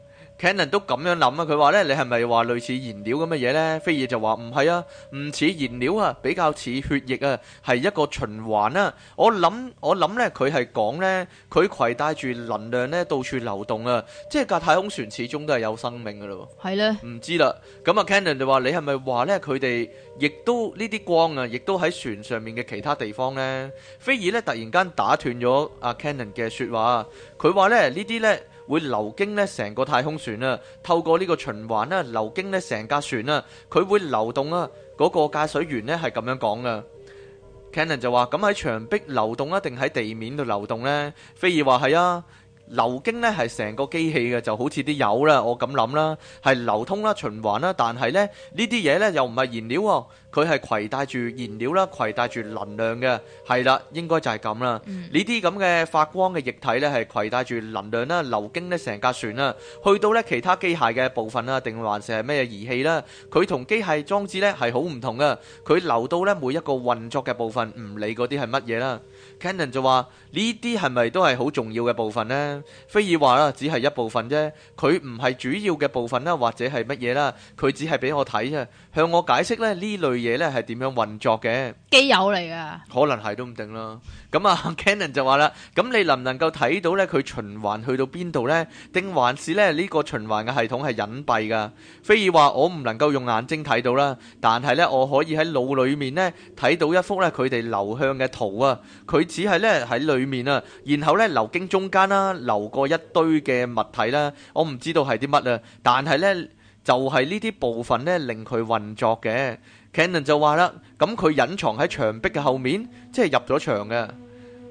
Cannon 都咁樣諗啊！佢話咧：你係咪話類似燃料咁嘅嘢咧？菲爾就話唔係啊，唔似燃料啊，比較似血液啊，係一個循環啊。我諗我諗咧，佢係講咧，佢攜帶住能量咧，到處流動啊。即係架太空船始終都係有生命噶咯。係咧的，唔知啦。咁啊，Cannon 就話：你係咪話咧？佢哋亦都呢啲光啊，亦都喺船上面嘅其他地方咧？菲爾咧突然間打斷咗阿、啊、Cannon 嘅説話，佢話咧呢啲咧。會流經咧成個太空船啦，透過呢個循環咧流經咧成架船啦，佢會流動啊！嗰個駕駛員咧係咁樣講噶，Cannon 就話：咁喺牆壁流動啊，定喺地面度流動咧？菲爾話：係啊，流經咧係成個機器嘅，就好似啲油啦，我咁諗啦，係流通啦、循環啦。但係咧呢啲嘢咧又唔係燃料喎。佢係攜帶住燃料啦，攜帶住能量嘅，係啦，應該就係咁啦。呢啲咁嘅發光嘅液體咧，係攜帶住能量啦，流經咧成架船啦，去到咧其他機械嘅部分啊，定還是係咩儀器啦？佢同機械裝置咧係好唔同嘅，佢流到咧每一個運作嘅部分，唔理嗰啲係乜嘢啦。Cannon 就話：呢啲係咪都係好重要嘅部分咧？菲爾話啦：只係一部分啫，佢唔係主要嘅部分啦，或者係乜嘢啦？佢只係俾我睇啫，向我解釋咧呢類嘢咧係點樣運作嘅？機友嚟噶，可能係都唔定啦。咁啊，Cannon 就話啦：咁你能唔能夠睇到咧？佢循環去到邊度咧？定還是咧呢個循環嘅系統係隱蔽噶？菲爾話：我唔能夠用眼睛睇到啦，但係咧我可以喺腦裏面咧睇到一幅咧佢哋流向嘅圖啊。佢只係咧喺裏面啊，然後咧流經中間啦，流過一堆嘅物體啦。我唔知道係啲乜啊，但係咧就係呢啲部分咧令佢運作嘅。Cannon 就話啦，咁佢隱藏喺牆壁嘅後面，即係入咗牆嘅。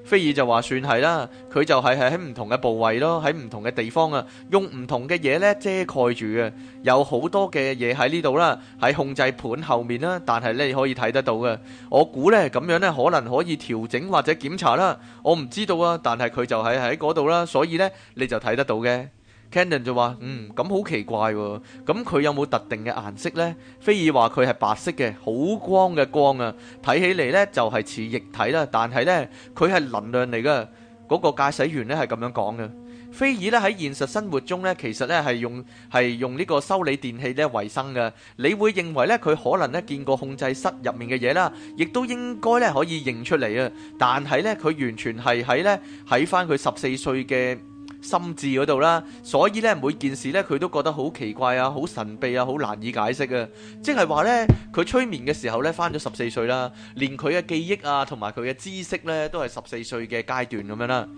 菲爾就話算係啦，佢就係係喺唔同嘅部位咯，喺唔同嘅地方啊，用唔同嘅嘢咧遮蓋住嘅，有好多嘅嘢喺呢度啦，喺控制盤後面啦，但係咧你可以睇得到嘅。我估咧咁樣咧可能可以調整或者檢查啦，我唔知道啊，但係佢就係喺嗰度啦，所以咧你就睇得到嘅。Cannon 就話：嗯，咁好奇怪喎。咁佢有冇特定嘅顏色呢？菲爾話佢係白色嘅，好光嘅光啊。睇起嚟呢就係似液體啦，但係呢，佢係能量嚟噶。嗰個駕駛員呢係咁樣講嘅。菲爾呢喺現實生活中呢，其實呢係用係用呢個修理電器呢為生嘅。你會認為呢，佢可能呢見過控制室入面嘅嘢啦，亦都應該呢可以認出嚟啊。但係呢，佢完全係喺呢，喺翻佢十四歲嘅，心智嗰度啦，所以咧每件事咧佢都覺得好奇怪啊，好神秘啊，好難以解釋啊。即係話咧，佢催眠嘅時候咧，返咗十四歲啦，連佢嘅記憶啊同埋佢嘅知識咧，都係十四歲嘅階段咁樣啦。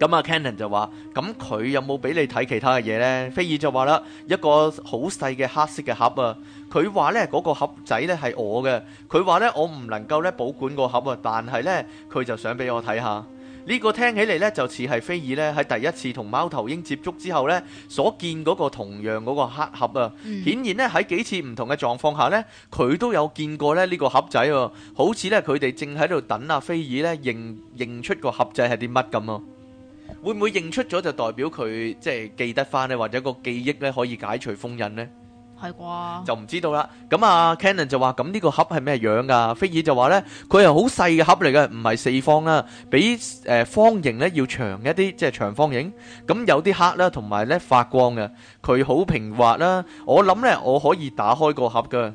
咁啊，Cannon 就話：咁佢有冇俾你睇其他嘅嘢咧？菲爾就話啦，一個好細嘅黑色嘅盒啊。佢話咧嗰個盒仔咧係我嘅。佢話咧我唔能夠咧保管個盒啊，但係咧佢就想俾我睇下。呢個聽起嚟咧，就似係菲爾咧喺第一次同貓頭鷹接觸之後咧，所見嗰個同樣嗰個黑盒啊。嗯。顯然咧喺幾次唔同嘅狀況下咧，佢都有見過咧呢個盒仔喎。好似咧佢哋正喺度等啊。菲爾咧認認出個盒仔係啲乜咁啊？會唔會認出咗就代表佢即係記得返咧，或者個記憶咧可以解除封印呢？係啩，就唔知道啦。咁啊，Canon 就話，咁呢個盒係咩樣噶？菲爾就話咧，佢係好細嘅盒嚟嘅，唔係四方啦，比誒方形咧要長一啲，即係長方形。咁有啲黑啦，同埋咧發光嘅，佢好平滑啦。我諗咧，我可以打開個盒噶，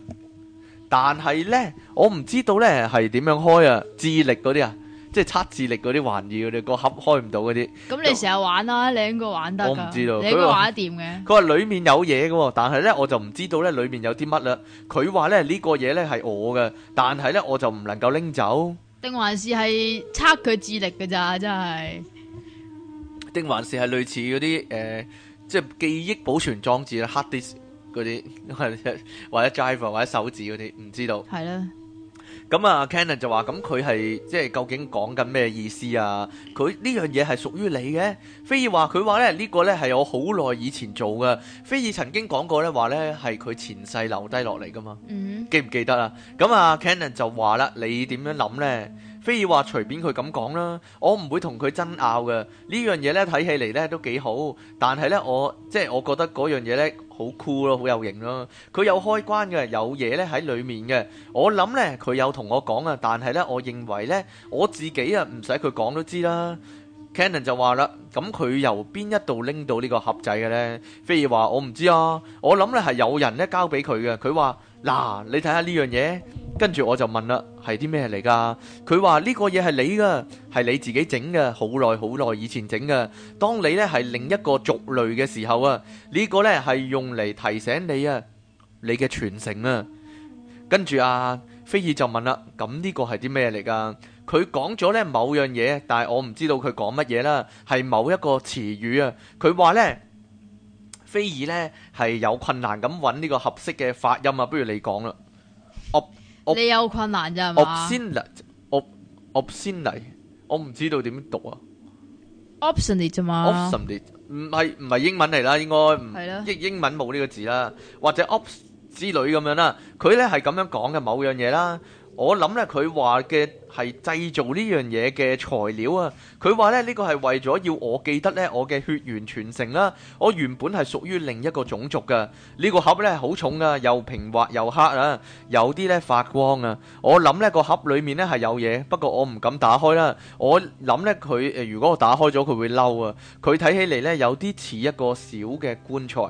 但係咧，我唔知道咧係點樣開啊，智力嗰啲啊。即係測智力嗰啲玩意嗰啲，你個盒開唔到嗰啲。咁你成日玩啦，你應該玩得。我唔知道，你應該玩得掂嘅。佢話說裏面有嘢嘅，但係咧我就唔知道咧裏面有啲乜啦。佢話咧呢、呢個嘢咧係我嘅，但係咧我就唔能夠拎走。定還是係測佢智力嘅咋？真係。定還是係類似嗰啲誒，即係記憶保存裝置啦 hard disk 嗰啲，或者 driver 或者手指嗰啲，唔知道。係啦。咁啊、嗯、Cannon 就話：咁佢係即係究竟講緊咩意思啊？佢呢樣嘢係屬於你嘅。菲爾話：佢話咧，呢、這個咧係我好耐以前做嘅。菲爾曾經講過咧，話咧係佢前世留低落嚟噶嘛。記唔記得啊？咁啊，Cannon 就話啦：你點樣諗咧？菲爾話：隨便佢咁講啦，我唔會同佢爭拗嘅。樣呢樣嘢咧，睇起嚟咧都幾好，但係咧，我即係我覺得嗰樣嘢咧。好酷咯，好有型咯！佢有開關嘅，有嘢咧喺裡面嘅。我諗咧，佢有同我講啊，但係咧，我認為咧，我自己啊唔使佢講都知啦。Cannon 就話啦，咁佢由邊一度拎到呢個盒仔嘅咧？菲爾話，我唔知啊，我諗咧係有人咧交俾佢嘅。佢話。嗱，你睇下呢樣嘢，跟住我就問啦，係啲咩嚟㗎？佢話呢個嘢係你㗎，係你自己整嘅，好耐好耐以前整嘅。當你呢係另一個族類嘅時候啊，呢個呢係用嚟提醒你啊，你嘅傳承啊。跟住啊，菲爾就問啦，咁呢個係啲咩嚟㗎？佢講咗呢某樣嘢，但係我唔知道佢講乜嘢啦，係某一個詞語啊。佢話呢。菲爾咧係有困難咁揾呢個合適嘅發音啊，不如你講啦。我我你有困難咋嘛？optional 嚟，optional 嚟，我唔知道點讀啊。optional 咋嘛？optional 唔係唔係英文嚟啦，應該唔係咯，英是的 英文冇呢個字啦，或者 ops 之類咁樣，樣啦。佢咧係咁樣講嘅某樣嘢啦。我諗咧，佢話嘅係製造呢樣嘢嘅材料啊。佢話咧，呢個係為咗要我記得呢，我嘅血緣傳承啦、啊。我原本係屬於另一個種族嘅。呢、這個盒咧好重噶，又平滑又黑啊，有啲呢發光啊。我諗呢個盒裡面呢係有嘢，不過我唔敢打開啦。我諗呢，佢誒，如果我打開咗佢會嬲啊。佢睇起嚟呢，有啲似一個小嘅棺材，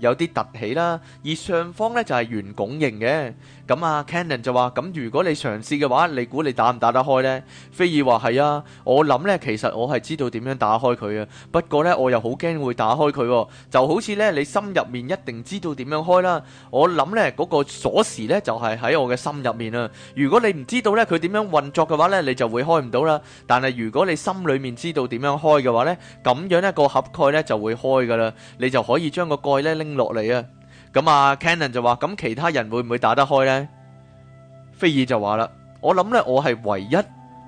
有啲凸起啦，而上方呢，就係圓拱形嘅。咁啊 Canon 就話：咁如果你嘗試嘅話，你估你打唔打得開呢？菲爾話：係啊，我諗呢其實我係知道點樣打開佢啊。不過呢，我又好驚會打開佢喎。就好似呢，你心入面一定知道點樣開啦。我諗呢嗰個鎖匙呢，就係喺我嘅心入面啊。如果你唔知道呢佢點樣運作嘅話呢，你就會開唔到啦。但係如果你心裏面知道點樣開嘅話呢，咁樣呢個盒蓋呢就會開㗎喇，你就可以將個蓋呢拎落嚟啊。咁啊，Canon 就話，咁其他人會唔會打得開咧？菲爾就話啦：我諗咧，我係唯一。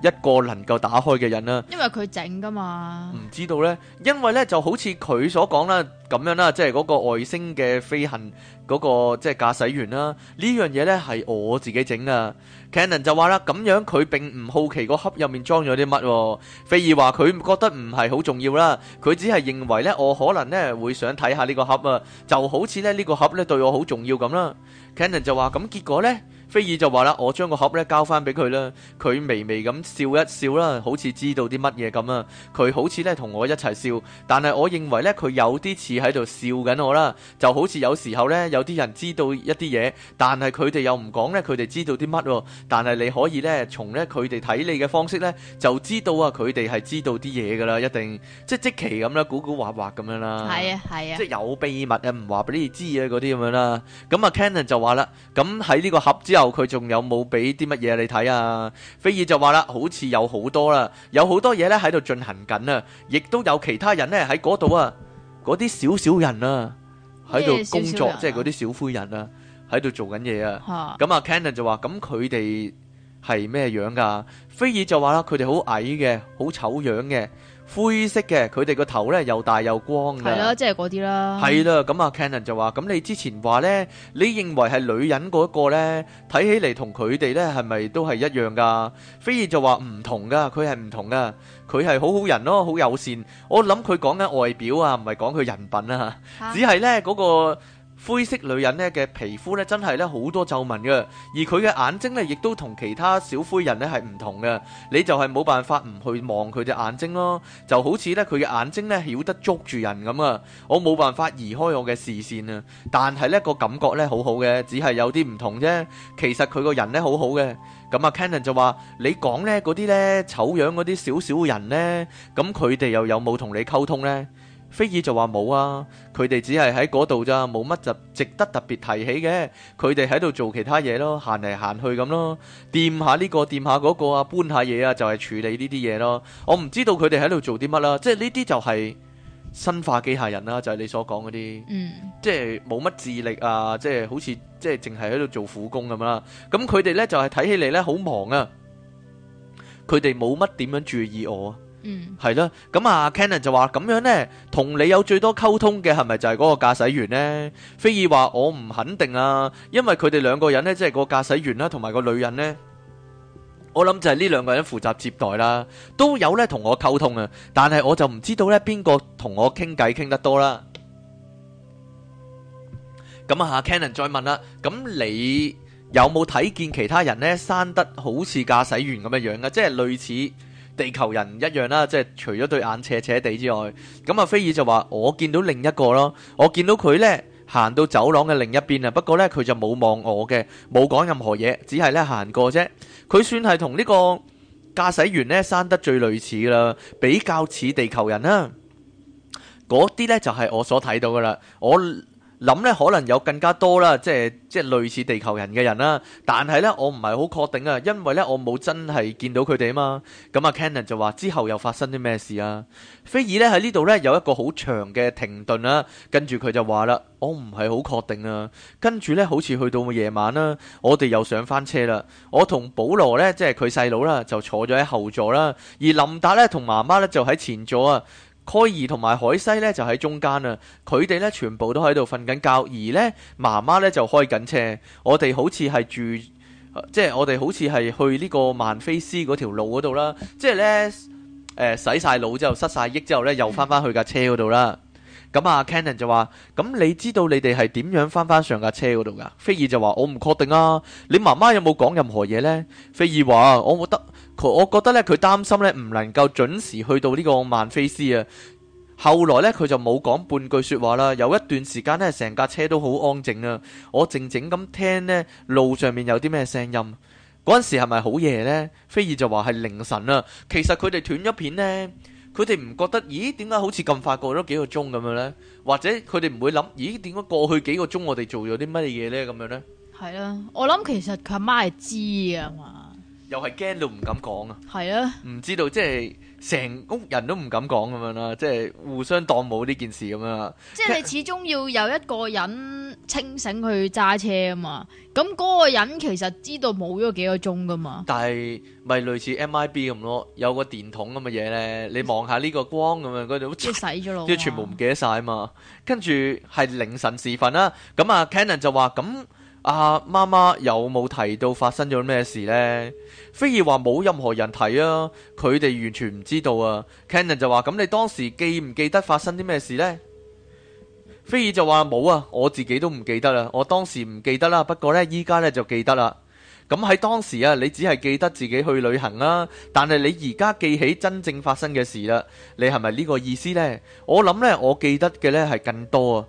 一個能夠打開嘅人啦，因為佢整噶嘛，唔知道呢，因為呢就好似佢所講啦咁樣啦，即係嗰個外星嘅飛行嗰個即係駕駛員啦，呢樣嘢呢係我自己整啊。Cannon 就話啦，咁樣佢並唔好奇個盒入面裝咗啲乜，菲爾話佢覺得唔係好重要啦，佢只係認為呢我可能呢會想睇下呢個盒啊，就好似呢呢個盒呢對我好重要咁啦。Cannon 就話咁結果呢？菲爾就話啦，我將個盒咧交翻俾佢啦，佢微微咁笑一笑啦，好似知道啲乜嘢咁啊。佢好似咧同我一齊笑，但係我認為咧佢有啲似喺度笑緊我啦，就好似有時候咧有啲人知道一啲嘢，但係佢哋又唔講咧，佢哋知道啲乜喎？但係你可以咧從咧佢哋睇你嘅方式咧，就知道啊佢哋係知道啲嘢噶啦，一定即即期咁啦，古古惑惑咁樣啦，係啊係啊，啊即有秘密啊，唔話俾你知啊嗰啲咁樣啦。咁啊，Cannon 就話啦，咁喺呢個盒之後佢仲有冇俾啲乜嘢你睇啊？菲爾就話啦，好似有好多啦，有好多嘢咧喺度進行緊啊，亦都有其他人咧喺嗰度啊，嗰啲小小人啊，喺度工作，小小啊、即係嗰啲小灰人啊，喺度做緊嘢啊。咁啊，Cannon 就話，咁佢哋係咩樣噶？菲爾就話啦，佢哋好矮嘅，好醜樣嘅。灰色嘅，佢哋個頭咧又大又光㗎 ancora、嗯。係咯，即係嗰啲啦。係啦，咁啊，Cannon 就話：咁你之前話咧，你認為係女人嗰個咧，睇起嚟同佢哋咧，係咪都係一樣㗎？飛兒 就話唔同㗎，佢係唔同㗎，佢係好好人咯、哦，好友善。我諗佢講緊外表啊，唔係講佢人品啊， 只係咧嗰個。灰色女人咧嘅皮膚咧，真係咧好多皺紋嘅，而佢嘅眼睛咧，亦都同其他小灰人咧係唔同嘅。你就係冇辦法唔去望佢隻眼睛咯，就好似咧佢嘅眼睛咧曉得捉住人咁啊！我冇辦法移開我嘅視線啊，但係咧個感覺咧好好嘅，只係有啲唔同啫。其實佢個人咧好好嘅。咁啊，Cannon 就話：你講咧嗰啲咧醜樣嗰啲小小人咧，咁佢哋又有冇同你溝通咧？菲爾就話冇啊，佢哋只係喺嗰度咋，冇乜就值得特別提起嘅。佢哋喺度做其他嘢咯，行嚟行去咁咯，掂下呢個掂下嗰個啊，搬下嘢啊，就係處理呢啲嘢咯。我唔知道佢哋喺度做啲乜啦，即係呢啲就係生化機械人啦，就係你所講嗰啲，嗯，即係冇乜智力啊，即係好似即係淨係喺度做苦工咁啦。咁佢哋呢，就係睇起嚟呢，好忙啊，佢哋冇乜點樣注意我。嗯，係啦，咁 啊 Cannon 就話咁樣呢，同你有最多溝通嘅係咪就係嗰個駕駛員呢？」「菲爾話，我唔肯定啊，因為佢哋兩個人呢，即係個駕駛員啦、啊，同埋個女人呢。」我諗就係呢兩個人負責接待啦，都有呢同我溝通啊，但係我就唔知道呢邊個同我傾偈傾得多啦。咁啊，Cannon 再問啦，咁你有冇睇見其他人呢？生得好似駕駛員咁樣樣啊？即係類似。地球人一樣啦，即係除咗對眼斜斜地之外，咁阿菲爾就話我見到另一個咯，我見到佢呢行到走廊嘅另一邊啊，不過呢，佢就冇望我嘅，冇講任何嘢，只係呢行過啫。佢算係同呢個駕駛員呢生得最類似啦，比較似地球人啦。嗰啲呢就係、是、我所睇到噶啦，我。諗咧可能有更加多啦，即係即係類似地球人嘅人啦，但係咧我唔係好確定啊，因為咧我冇真係見到佢哋啊嘛。咁阿 Cannon 就話之後又發生啲咩事啊？菲爾咧喺呢度咧有一個好長嘅停頓啦，跟住佢就話啦，我唔係好確定啊。跟住咧好似去到夜晚啦，我哋又上翻車啦。我同保羅咧即係佢細佬啦，就坐咗喺後座啦，而林達咧同媽媽咧就喺前座啊。蓋兒同埋海西呢就喺中間啊，佢哋呢全部都喺度瞓緊覺，而呢媽媽呢就開緊車，我哋好似係住，即係我哋好似係去呢個曼菲斯嗰條路嗰度啦，即係呢，誒、呃、洗曬腦之後失晒憶之後呢，又翻返去架車嗰度啦。咁啊 Cannon 就話：，咁你知道你哋係點樣翻翻上架車嗰度噶？菲爾就話：，我唔確定啊。你媽媽有冇講任何嘢呢？菲」菲爾話：，我覺得佢，我覺得咧佢擔心咧，唔能夠準時去到呢個曼菲斯啊。後來呢，佢就冇講半句說話啦。有一段時間呢，成架車都好安靜啊。我靜靜咁聽咧，路上面有啲咩聲音？嗰陣時係咪好夜呢？菲爾就話係凌晨啊。其實佢哋斷咗片呢。佢哋唔覺得，咦？點解好似咁快過咗幾個鐘咁樣咧？或者佢哋唔會諗，咦？點解過去幾個鐘我哋做咗啲乜嘢咧？咁樣咧？係啊，我諗其實佢阿媽係知㗎嘛，又係驚到唔敢講啊。係啊，唔知道即係。就是成屋人都唔敢講咁樣啦，即係互相當冇呢件事咁樣。即係你始終要有一個人清醒去揸車啊嘛。咁嗰個人其實知道冇咗幾個鐘噶嘛。但係咪類似 MIB 咁咯？有個電筒咁嘅嘢咧，你望下呢個光咁樣，佢就即係洗咗咯。即係全部唔記得晒啊嘛。跟住係凌晨時分啦。咁啊，Cannon 就話咁。阿、啊、媽媽有冇提到發生咗咩事呢？菲爾話冇任何人提啊，佢哋完全唔知道啊。Cannon 就話：咁你當時記唔記得發生啲咩事呢？」菲爾就話冇啊，我自己都唔記得啦，我當時唔記得啦。不過呢，依家呢就記得啦。咁喺當時啊，你只係記得自己去旅行啦、啊，但係你而家記起真正發生嘅事啦。你係咪呢個意思呢？我諗呢，我記得嘅呢係更多啊。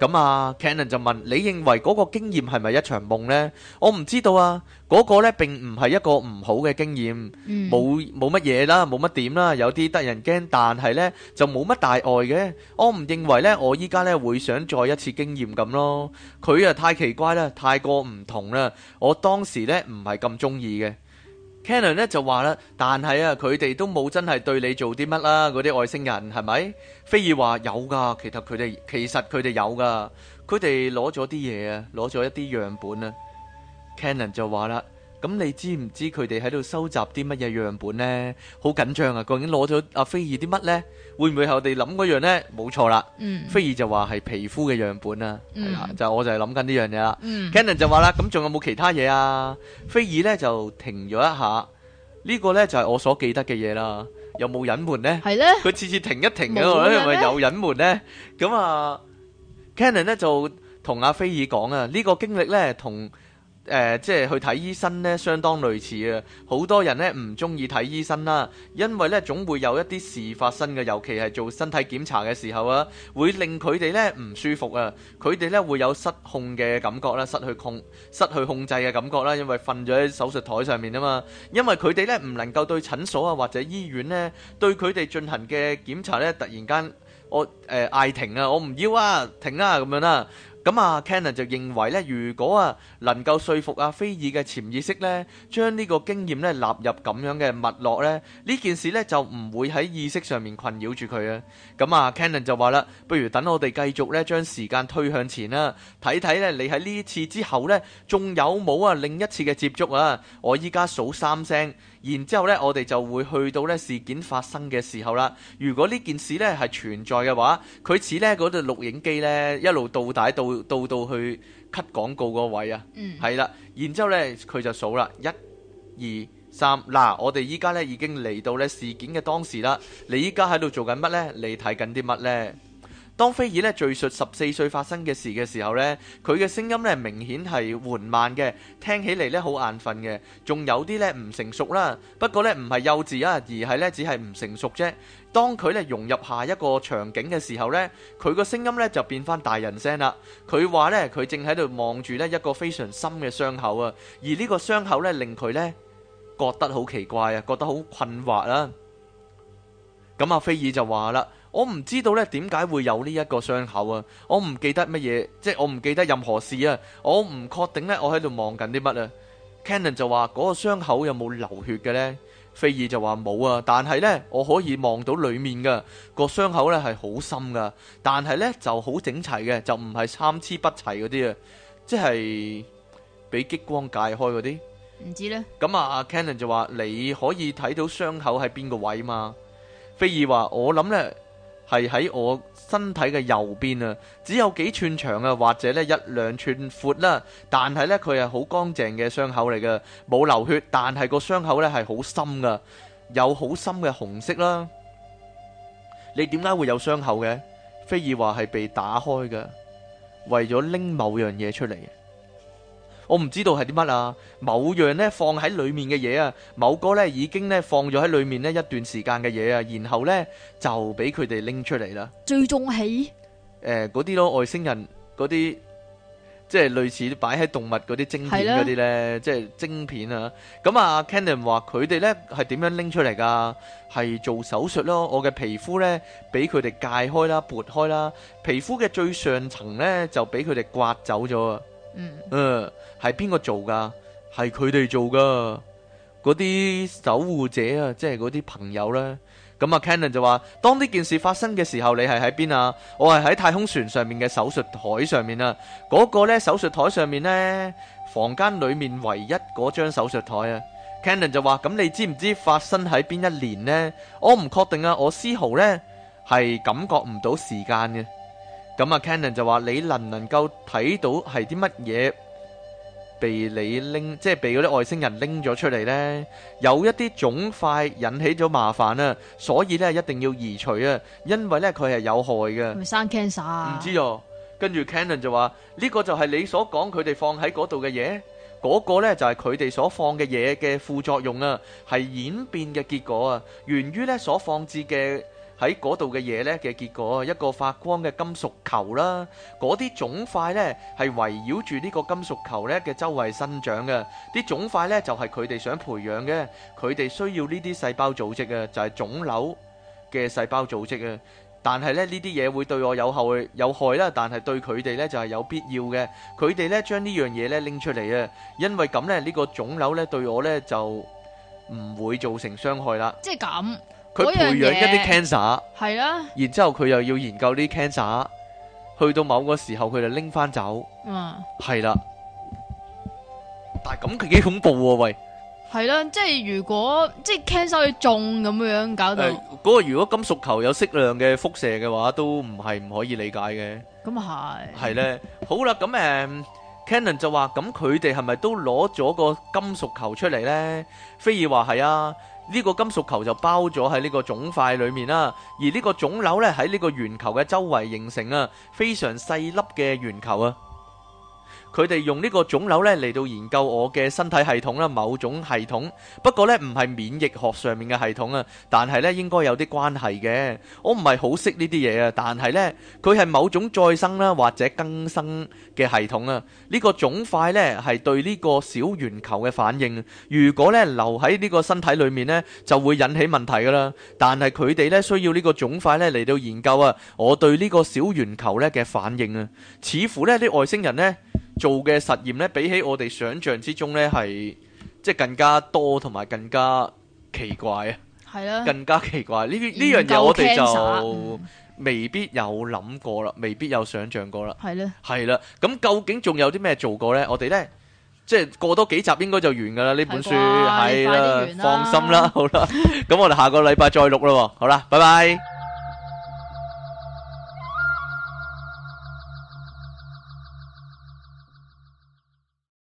咁啊，Cannon 就問，你認為嗰個經驗係咪一場夢呢？我唔知道啊。嗰個呢並唔係一個唔好嘅經驗，冇冇乜嘢啦，冇乜點啦，有啲得人驚，但係呢就冇乜大礙嘅。我唔認為呢，我依家呢會想再一次經驗咁咯。佢啊太奇怪啦，太過唔同啦。我當時呢唔係咁中意嘅。Cannon 咧就話啦，但係啊，佢哋都冇真係對你做啲乜啦，嗰啲外星人係咪？菲爾話有㗎，其實佢哋其實佢哋有㗎，佢哋攞咗啲嘢啊，攞咗一啲樣本啊。Cannon 就話啦。咁你知唔知佢哋喺度收集啲乜嘢樣本咧？好緊張啊！究竟攞咗阿菲爾啲乜咧？會唔會係我哋諗嗰樣咧？冇錯啦，菲爾就話係皮膚嘅樣本啊，係啦，就我就係諗緊呢樣嘢啦。Cannon 就話啦，咁仲有冇其他嘢啊？菲爾咧就停咗一下，呢個咧就係我所記得嘅嘢啦。有冇隱瞞咧？係咧，佢次次停一停嘅，我諗係咪有隱瞞咧？咁啊，Cannon 咧就同阿菲爾講啊，呢個經歷咧同。誒，即係去睇醫生呢，相當類似啊！好多人呢唔中意睇醫生啦，因為呢總會有一啲事發生嘅，尤其係做身體檢查嘅時候啊，會令佢哋呢唔舒服啊！佢哋呢會有失控嘅感覺啦，失去控、失去控制嘅感覺啦，因為瞓咗喺手術台上面啊嘛。因為佢哋呢唔能夠對診所啊或者醫院呢對佢哋進行嘅檢查呢，突然間我誒嗌停啊，我唔要啊，停啊，咁樣啦。咁啊，Cannon 就認為咧，如果啊能夠說服阿菲爾嘅潛意識咧，將呢個經驗咧納入咁樣嘅脈絡咧，呢件事咧就唔會喺意識上面困擾住佢啊。咁啊，Cannon 就話啦，不如等我哋繼續咧將時間推向前啦，睇睇咧你喺呢次之後咧仲有冇啊另一次嘅接觸啊。我依家數三聲。然之後呢，我哋就會去到呢事件發生嘅時候啦。如果呢件事呢係存在嘅話，佢似呢嗰度錄影機呢一路倒帶，到倒到，到去 cut 廣告個位啊。係、嗯、啦，然之後呢，佢就數啦，一、二、三。嗱，我哋依家呢已經嚟到呢事件嘅當時啦。你依家喺度做緊乜呢？你睇緊啲乜呢？當菲爾咧，敘述十四歲發生嘅事嘅時候呢，佢嘅聲音呢明顯係緩慢嘅，聽起嚟呢好眼瞓嘅，仲有啲呢唔成熟啦。不過呢唔係幼稚啊，而係呢只係唔成熟啫。當佢呢融入下一個場景嘅時候呢，佢個聲音呢就變翻大人聲啦。佢話呢，佢正喺度望住呢一個非常深嘅傷口啊，而呢個傷口呢令佢呢覺得好奇怪啊，覺得好困惑啊。咁阿菲爾就話啦。我唔知道咧點解會有呢一個傷口啊！我唔記得乜嘢，即係我唔記得任何事啊！我唔確定咧，我喺度望緊啲乜啊？Cannon 就話：嗰個傷口有冇流血嘅呢？菲爾就話，冇啊，但係呢，我可以望到裡面噶個傷口咧係好深噶，但係呢就好整齊嘅，就唔係參差不齊嗰啲啊，即係俾激光界開嗰啲。唔知呢？咁啊，Cannon 就話：你可以睇到傷口喺邊個位嘛？菲爾話：「我諗呢。」係喺我身體嘅右邊啊，只有幾寸長啊，或者呢一兩寸闊啦。但係呢，佢係好乾淨嘅傷口嚟嘅，冇流血。但係個傷口呢係好深嘅，有好深嘅紅色啦。你點解會有傷口嘅？菲爾話係被打開嘅，為咗拎某樣嘢出嚟。我唔知道係啲乜啊，某樣呢放喺裡面嘅嘢啊，某個呢已經呢放咗喺裡面呢一段時間嘅嘢啊，然後呢就俾佢哋拎出嚟啦。追蹤器，誒、呃，嗰啲咯，外星人嗰啲，即係類似擺喺動物嗰啲晶片嗰啲呢，啊、即係晶片啊。咁、嗯、啊 Cannon 話佢哋呢係點樣拎出嚟噶？係做手術咯，我嘅皮膚呢俾佢哋解開啦、撥開啦，皮膚嘅最上層呢就俾佢哋刮走咗。嗯，呃，係邊個做噶？係佢哋做噶，嗰啲守護者啊，即係嗰啲朋友咧。咁啊，Cannon 就話，當呢件事發生嘅時候，你係喺邊啊？我係喺太空船上面嘅手術台上面啊。嗰個呢，手術台上面呢，房間裏面唯一嗰張手術台啊。Cannon 就話，咁你知唔知發生喺邊一年呢？我唔確定啊，我絲毫呢，係感覺唔到時間嘅。咁啊，Cannon 就話：你能唔能夠睇到係啲乜嘢被你拎，即係被嗰啲外星人拎咗出嚟咧？有一啲腫塊引起咗麻煩啊，所以咧一定要移除啊，因為咧佢係有害嘅。係咪生 cancer 啊？唔知喎。跟住 Cannon 就話：呢個就係你所講佢哋放喺嗰度嘅嘢，嗰個咧就係佢哋所放嘅嘢嘅副作用啊，係演變嘅結果啊，源於咧所放置嘅。喺嗰度嘅嘢呢嘅結果，一個發光嘅金屬球啦，嗰啲腫塊呢係圍繞住呢個金屬球呢嘅周圍生長嘅，啲腫塊呢就係佢哋想培養嘅，佢哋需要呢啲細胞組織嘅，就係腫瘤嘅細胞組織啊！但係咧呢啲嘢會對我有後有害啦，但係對佢哋呢就係有必要嘅，佢哋呢將呢樣嘢咧拎出嚟啊，因為咁咧呢個腫瘤呢對我呢就唔會造成傷害啦。即係咁。佢培養一啲 cancer，係啦的，然之後佢又要研究啲 cancer，去到某個時候佢就拎翻走，嗯哇，係啦。但係咁佢幾恐怖喎？喂，係啦，即係如果即係 cancer 去種咁樣搞，搞到嗰個如果金屬球有適量嘅輻射嘅話，都唔係唔可以理解嘅。咁啊係，係咧。好啦，咁誒、呃、Cannon 就話：咁佢哋係咪都攞咗個金屬球出嚟咧？菲爾話係啊。呢個金屬球就包咗喺呢個腫塊裡面啦，而呢個腫瘤咧，喺呢個圓球嘅周圍形成啊，非常細粒嘅圓球啊。佢哋用呢個腫瘤咧嚟到研究我嘅身體系統啦，某種系統，不過咧唔係免疫學上面嘅系統啊，但係咧應該有啲關係嘅。我唔係好識呢啲嘢啊，但係咧佢係某種再生啦或者更新嘅系統啊。呢個腫塊咧係對呢個小圓球嘅反應，如果咧留喺呢個身體裏面咧就會引起問題噶啦。但係佢哋咧需要呢個腫塊咧嚟到研究啊，我對呢個小圓球咧嘅反應啊，似乎咧啲外星人咧，做嘅實驗咧，比起我哋想象之中咧，係即係更加多同埋更加奇怪啊！係啦的，更加奇怪呢？呢樣嘢我哋就未必有諗過啦，嗯、未必有想象過啦。係咧的，係啦。咁究竟仲有啲咩做過呢？我哋呢，即係過多幾集應該就完㗎吧啦。呢本書係啦，放心啦，好啦。咁 我哋下個禮拜再錄啦。好啦，拜拜。